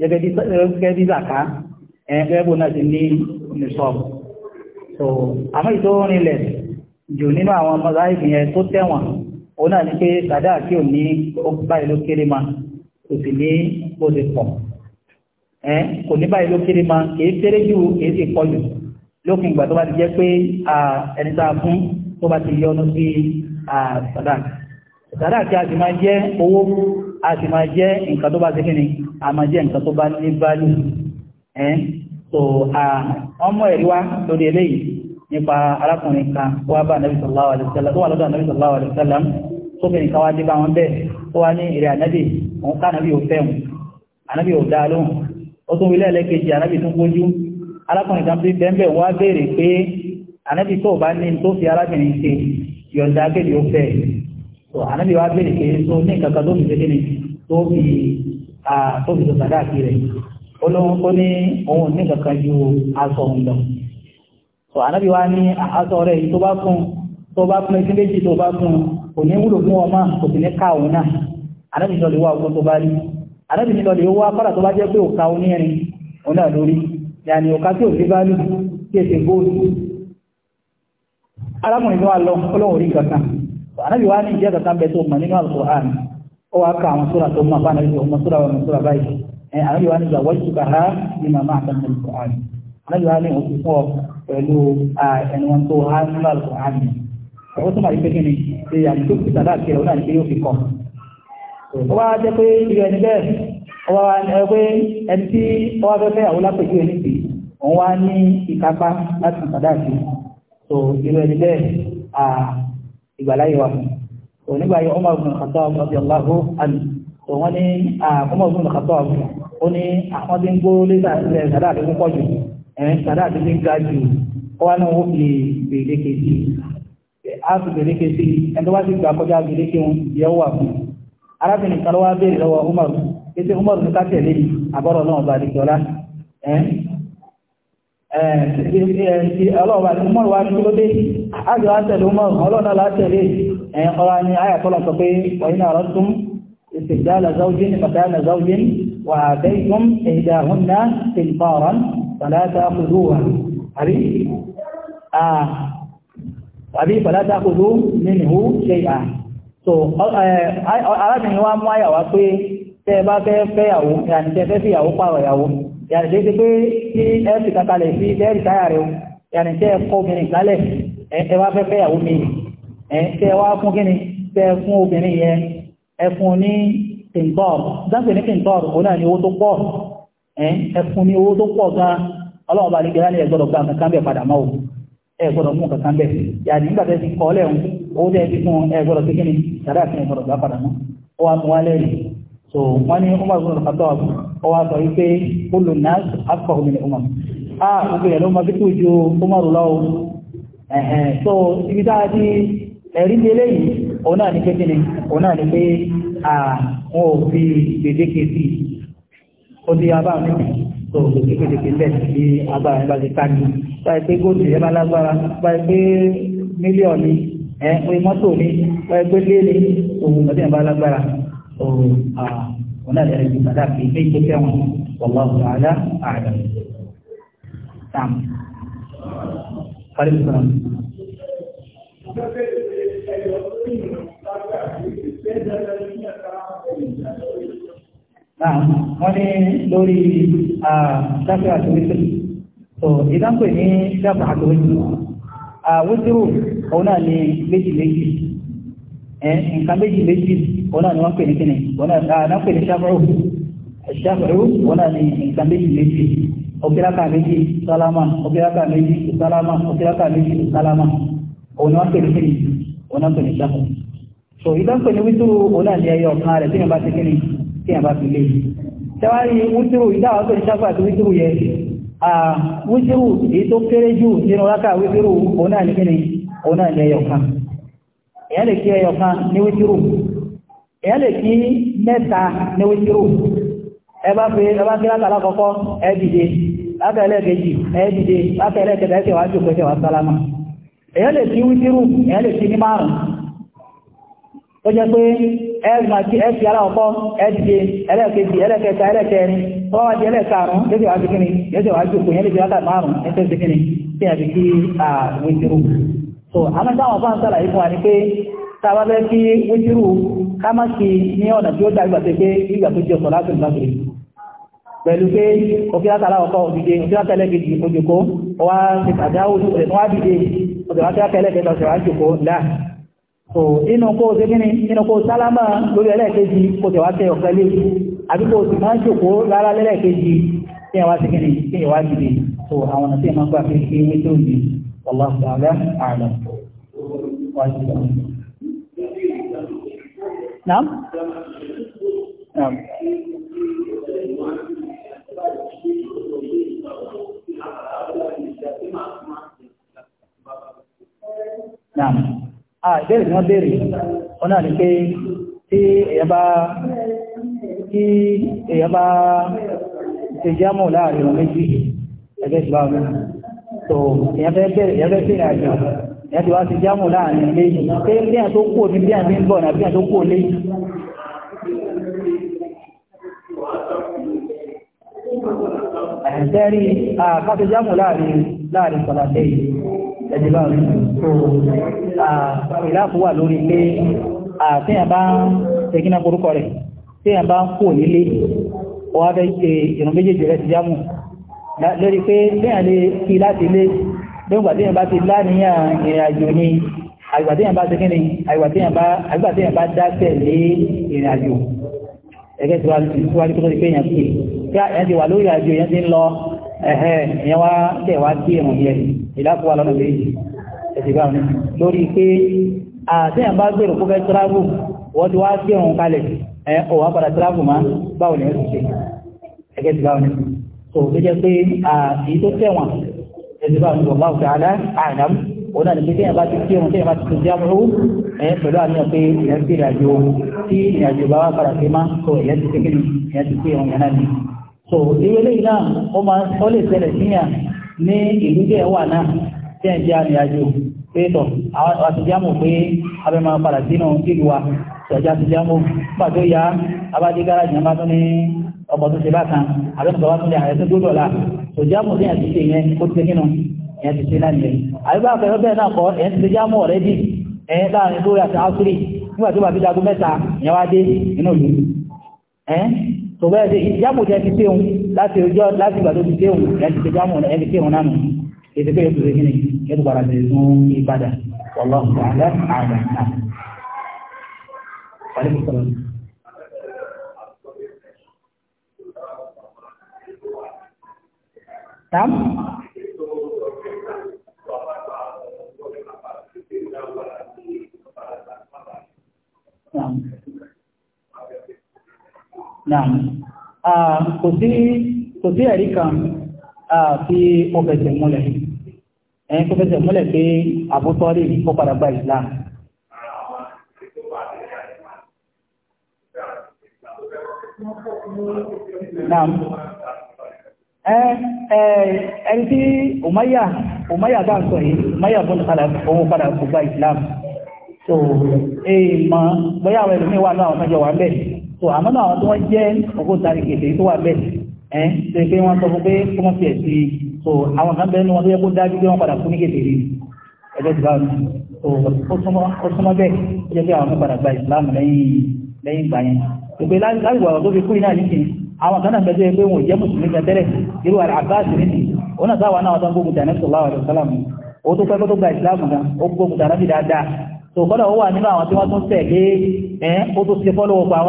gẹ́gẹ́ bí zaka ẹgbẹ́gbò náà ti ní nìsọ́ọ̀bù so àmọ́ ìtò rinlẹ̀ jù nínú àwọn mọ́sáìkì yẹn tó tẹ̀wọ̀n òun náà ni pé sàdá kí ò ní báyìí ló kéré ma kò sì ní bó ti pọ̀ kò ní báyìí ló kéré ma kìí kéré jù kìí sì pọ̀ jù lókun ìgbà tó bá ti jẹ́ pé ẹni tá a fún tó bá ti yọnu sí sàdá kì sàrà kí a sì máa jẹ́ owó a sì máa jẹ́ nǹkan tó bá ṣe kíni a máa jẹ́ nǹkan tó bá ní báyìí ẹ́ so ọmọ ẹ̀rí wá lórí eléyìí nípa arákùnrin kan wá bá nàbí sallallahu alaihi wasallam tó wà lọ́dọ̀ sallallahu alaihi wasallam sóbìnrin kan wá dé bá wọn bẹ́ẹ̀ tó wá ní ìrẹ̀ ànábì òun ká ànábì ò fẹ́hùn ànábì ò dá lóhùn ó tún wílẹ̀ lẹ́ẹ̀kejì ànábì tún gbójú arákùnrin kan bí bẹ́ẹ̀ wá béèrè pé tó ànábì wa bèrè pé tó ní kankan tó fi ṣẹ́kẹ́ ni tó fi tó fi sọ̀tà káàkiri rẹ̀ ó ló ó ní òun ní kankan ju aṣọ òun lọ tó ànábì wa ní aṣọ rẹ̀ yìí tó bá fún tó bá fún ẹtí méjì tó bá fún kò ní wúlò fún ọmọ kò sì ní ká òun náà ànábì ní lọ́ọ̀lì wá ọkọ tó bá rí ànábì ní lọ́ọ̀lì wá fọ́nà tó bá jẹ́ pé òka onírin òun náà lórí ànábì wa ní ìjẹ́ kàkà bẹ tó mọ̀ nínú Al-Qur'an ó wá ká àwọn sóra tó mọ̀ fún ànábì ọmọ sóra wa mọ̀ sóra báyìí ẹ ànábì wa ní ìgbà wọ́n ti kà á màmá àtàkùn Al-Qur'an ànábì wa ní òkú fún ọ pẹ̀lú ẹni wọn tó há nínú Al-Qur'an ọwọ́ tó máa yí pé ni ṣe àdúgbò kìtà láti rẹ̀ ó náà ní pé yóò fi kọ́ ó wá jẹ́ pé irú ẹni bẹ́ẹ̀ ó wá pé ẹni tí ó wá fẹ́ fẹ́ àwọn lápẹ̀jú ẹni sí òun wá ní ìkápá láti kàdáàsì so irú ẹni bẹ́ẹ̀ ìgbàláyé wa onígbà yìí Umar ibn Khattab radiyallahu anhu òun ní Umar ibn Khattab ó ní àwọn tí ń gbó lẹ́sà ẹ̀ sàdá àti púpọ̀ jù ẹ̀ sàdá àti tí ń ga jù ọwọ́ náà ó fi gbèdéke sí á fi gbèdéke sí ẹni tó bá ti gbà kọjá gbèdéke wọn yẹ wà fún arábìnrin kan wá béèrè lọ́wọ́ Umar pé Umar ní ká tẹ̀lé àbọ̀rọ̀ náà bá di kí ọlá ti ọlọ́ọ̀bá ti mọ́ ìwà tó dé ájọ látẹ̀lú mọ́ ọlọ́ọ̀dá látẹ̀lé ọ̀rọ̀ ni ayàtọ́lọ̀ sọ pé wọ̀nyí náà rọ́tún استبدال زوج مكان زوج وآتيتم إحداهن تلفارا فلا تأخذوها أبي آه أبي فلا تأخذوا منه شيئا so arábìnrin wa mú àyàwó pé tẹ́ ẹ bá fẹ́ fẹ́yàwó yàní tẹ́ fẹ́ fìyàwó pààrọ̀ yàwó yàrá ìdíje pé tí ẹ fi kàkàlẹ̀ sí lẹ́rìí táyà rẹ̀ o yàrá ìtẹ́ ẹ̀kọ́ obìnrin ìgbálẹ̀ ẹ wá fẹ́ fẹ́ ìyàwó mi ẹ tẹ́ wá fún kíni tẹ́ fún obìnrin yẹn ẹ fún ní pìntọ́ọ̀r dáńpẹ̀ ní pìntọ́ọ̀r òun náà ní owó tó pọ̀ ẹ fún ní owó tó pọ̀ gan ọlọ́run bá nígbẹ́ láti ẹgbọ́dọ̀ gba kankan bẹ̀ padà máa o ẹgbọ́dọ̀ mú kankan bẹ̀ yàrá nígbà tẹ́ ti kọ́ lẹ́hùn owó tẹ́ ti fún ẹgbọ́dọ̀ sí kíni yàrá àti ẹgbọ́dọ̀ gbà padà mọ́ ó wá mú wá lẹ́yìn so wọ́n ní Umar bin Khattab ọ wá sọ wípé Umar a ah, gbogbo yẹn ló fíkú ju Umar lọ́wọ́ ẹ̀hẹ̀n so ibi tá a ti ẹ̀rí ní eléyìí òun náà ní pé kíni òun náà ní pé àwọn ò fi gbèdéke sí i ó ti so gbèdéke gbèdéke bẹ́ẹ̀ agbára bá ti báyìí pé góòtù bá lágbára báyìí pé mílíọ̀nù ẹ̀ pé mọ́tò so wọn náà lè rẹ ju padà kì í ta'ala a'lam. sam kálí sọ̀rọ̀. Náà wọ́n ní lórí ṣáfẹ́ àti wíṣẹ́. So ìdáǹpẹ̀ ní ṣáfẹ́ àti wíṣẹ́. Wíṣẹ́ òun náà ní méjì méjì nǹkan méjì méjì wọn náà ni wọ́n pè ní kíni wọn náà pè ní ṣáfàrú ṣáfàrú wọn náà ni nǹkan méjì méjì òkìlákà méjì sálámà òkìlákà méjì sálámà òkìlákà méjì sálámà òun ni pè ní kíni wọn náà pè ní ṣáfàrú so ìdán pè ní wítúrú òun náà ni ẹyọ ọ̀kan rẹ̀ tí yẹn bá ti kíni tí yẹn bá fi lé tẹwárí wítúrú ìdáwà pè ní ṣáfàrú àti wítúrú yẹ wítúrú èyí tó kéré jù nínú rákà wítúrú òun náà ni kíni òun náà ni ẹyọ ọ̀kan èyàn lè kí ẹyọ kan ní wítírù èyàn lè kí mẹ́ta ní wítírù ẹbá fi ẹbá kí látàlá kọ́kọ́ ẹdìde látàlẹ́ẹ̀kejì ẹdìde látàlẹ́ẹ̀kẹta ẹsẹ̀ wájú pẹ̀sẹ̀ wá sálámà èyàn lè kí wítírù èyàn lè kí ní márùn ó jẹ́ pé ẹ̀ẹ́sì aláwọ̀kọ́ ẹdìde ẹlẹ́ẹ̀kejì ẹlẹ́ẹ̀kẹta ẹlẹ́ẹ̀kẹrin tó wá jẹ́ wájú kíni lẹ́sẹ̀ wájú pẹ̀yẹ́ lè márùn-ún a fi kí so àmọ́ táwọn bá ń sàlàyé fún wa ni pé tàbá fẹ́ kí wítírù ká má sí ní ọ̀nà tí ó dá ìgbà pé ìgbà tó jẹ́ ọ̀sán láti ìgbà pé pẹ̀lú pé òkìlátà aláwọ̀kọ́ òdìdé òkìlátà ẹlẹ́gbẹ̀jì òjòkó wá ti pàdáwò ìwọ̀n àdìdé òdìwátà so inú kó ṣe gíní inú kó sálámà lórí ẹlẹ́ẹ̀kejì kó tẹ̀wá tẹ ọ̀fẹ́ lé àdúgbò sì máa ń jòkó rárá lẹ́lẹ́ẹ̀kejì tí ẹwà ṣe gíní tí dìde so àwọn ọ̀nà tí ẹ máa ń والله تعالى أعلم نعم نعم Nàà, a ìbéèrè tí wọ́n béèrè, wọ́n náà ní pé tí èyàn bá tí èyàn bá ṣe jámù láàrin ọmọ méjì ẹgbẹ́ ìgbà ọmọ tó ìyẹn fẹ́ bẹ̀rẹ̀ ìyẹn fẹ́ bẹ̀rẹ̀ àjọ ìyẹn ti wá sí jámù láàrin ilé pé bí àtó kú òní bí àmì ń bọ̀ náà bí àtó kú òní. àìsẹ́rí àkáṣe jámù láàrin láàrin pàtàkì ẹ̀jẹ̀ bá rí tó ìlàpù wà lórí pé àtẹ́yàn bá ń tẹ̀kínà korúkọ rẹ̀ tẹ́yàn bá ń kú òní lé wọ́n á fẹ́ ṣe ìrùn méjèèjì rẹ̀ ti jámù lórí pé léyàn lè kí láti lé lóògbà téèyàn bá ti láníyàn ìrìn ni àgbà téèyàn bá ti kíni àgbà téèyàn bá dáṣẹ̀ lé ìrìn àjò ẹgbẹ́ tí wàá tó ti pé èèyàn kí kí èèyàn ti wà lórí àjò èèyàn ti ń lọ ẹ̀hẹ́ èèyàn wá tẹ̀ wá kí ìrùn yẹn ìdákùwà lọ́nà méjì ẹ̀sìgbà mi lórí pé àtẹ́yàn bá gbèrò kó fẹ́ tíráàbù wọ́n ti wá gbèrò kalẹ̀ ẹ̀ tó pé èyí tó tẹ̀wọ̀n ẹ̀sìn bá wọn bá ọ̀sẹ̀ àdá àdám òun náà ní pé bá ti kí wọn téèyàn bá ti tó jẹ́ àmúrú ẹ̀ pẹ̀lú àníyàn pé ìyẹn ti ìrìnàjò tí ìrìnàjò bá wà padà sí má tó ìyẹn ti kékeré ìyẹn ti pé ìwọn yẹn náà ni. tó ìwé lẹ́yìn náà ó máa ó lè ṣẹlẹ̀ síyàn ní ìlú jẹ́ wà náà téèyàn jẹ́ àmì àjò pé tọ̀ àwọn àtijọ́ mọ̀ pé abẹ́ máa padà sínú ìlú wa ìjọjá ti jámú nígbà tó yá abájé gáràjì náà bá tún ní ọkọ̀ tó ṣe bákan àbẹ́nùkọ̀ bá tún lè àyẹ̀tún tó dọ̀la tó jámú ní àti ṣe yẹn ó ti ṣe nínú ìyẹn ti ṣe náà nìyẹn àyíká akẹ́kọ̀ọ́ bẹ́ẹ̀ náà kọ́ ẹ̀yẹn ti ṣe jámú ọ̀rẹ́ dì ẹ̀yẹn láàrin lórí àti áṣírí nígbà tó bá fi dago mẹ́ta ìyẹn wá dé inú ìlú ẹ̀yẹn tó bẹ́ẹ̀ ṣe jámú jẹ́ ti ṣéun láti ọjọ́ láti ìgbà tó ti ṣe Alaikum salam. Tam? Naam. Naam. Ah, kò sí kò sí ẹ̀rí kan fi ah, ó fẹsẹ̀ múlẹ̀. Ẹ̀yin tó fẹsẹ̀ múlẹ̀ pé àbútọ́rí ó padà gba ìsìlámù. ẹni tí Umayya umaya, bá ń sọ yìí Umayya bọ́n òun padà kò gba Islam so èèmọ̀ bóyá àwọn ẹlòmíì wà náà àwọn ọmọdé wà bẹ́ẹ̀ so àmọ́ náà àwọn tí wọ́n jẹ́ ogótarí kèfèé tó wà bẹ́ẹ̀ ẹ́ ṣe pé wọ́n sọ fún pé kí wọ́n fi ẹ̀sìn so àwọn kan bẹ́ẹ̀ ni wọ́n tó yẹ kó dájú pé wọ́n padà kú ní kèfèé ẹgbẹ́ ti bá so ó súnmọ́ bẹ́ẹ̀ ó jẹ́ pé àwọn ọmọ padà gba Islam lẹ́yìn lẹ́yìn ìgbà yẹn ìgbé lágbà tó fi kú iná nìkì àwọn kan náà fẹ́ jẹ́ pé wọn ò jẹ́ mùsùlùmí kan tẹ́lẹ̀ irú àbáàsì nìkì òun náà sáwà náà tán gbógun tà nẹ́sùn láwà rẹ̀ sálàmù ó tó pẹ́ tó gba ìsìláàmù gan ó gbógun tà náà dáadáa tó kọ́dọ̀ ó wà nínú àwọn tí wọ́n tún tẹ̀ lé ẹ́ ó tó ṣe fọ́lọ́wọ́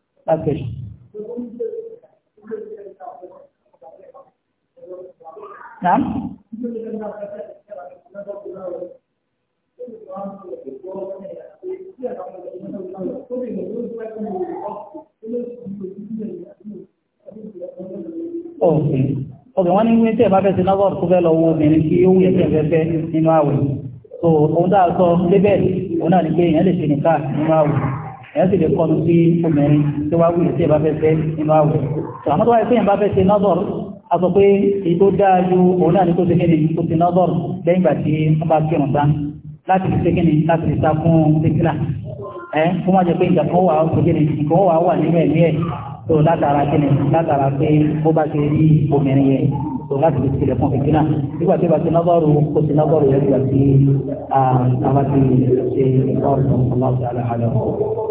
pa àwọn نعم ok ọ̀sẹ̀ wọ́n ní wí tẹ́ bá fẹ́ sí lọ́wọ́ tó fẹ́ lọ wo obìnrin kí ó wùyẹ̀ tẹ́ fẹ́ nínú àwẹ̀ so ohun dáa sọ débẹ̀ òun náà ní pé èèyàn lè ṣe nìkan nínú àwẹ̀ ẹ̀ sì lè kọlu sí obìnrin tí wá wù tí ẹ bá fẹ́ fẹ́ nínú àwẹ̀ tó àmọ́ yẹn bá fẹ́ ṣe nọ́dọ̀rù a sọ pé èyí tó dáa ju òun náà ní kó ṣe kéde kó ṣe nọ́dọ̀rù lẹ́yìn ìgbà tí wọ́n bá kírun tán láti fi ṣe kéde láti fi sá fún fìtínà ẹ̀ fún wọn jẹ pé ìjà kan wà ó ṣe kéde ìkọ́ wà wà nínú ẹ̀mí ẹ̀ tó látara kíni látara pé ó bá ṣe rí obìnrin yẹn tó láti fi tilẹ̀ fún fìtínà nígbà tí ó bá ti nọ́bọ̀rù ó ti nọ́bọ̀rù yẹn gbà sí àwọn ti ṣe ìkọ́ọ̀rù ọlọ́ọ̀dà aláàlọ́.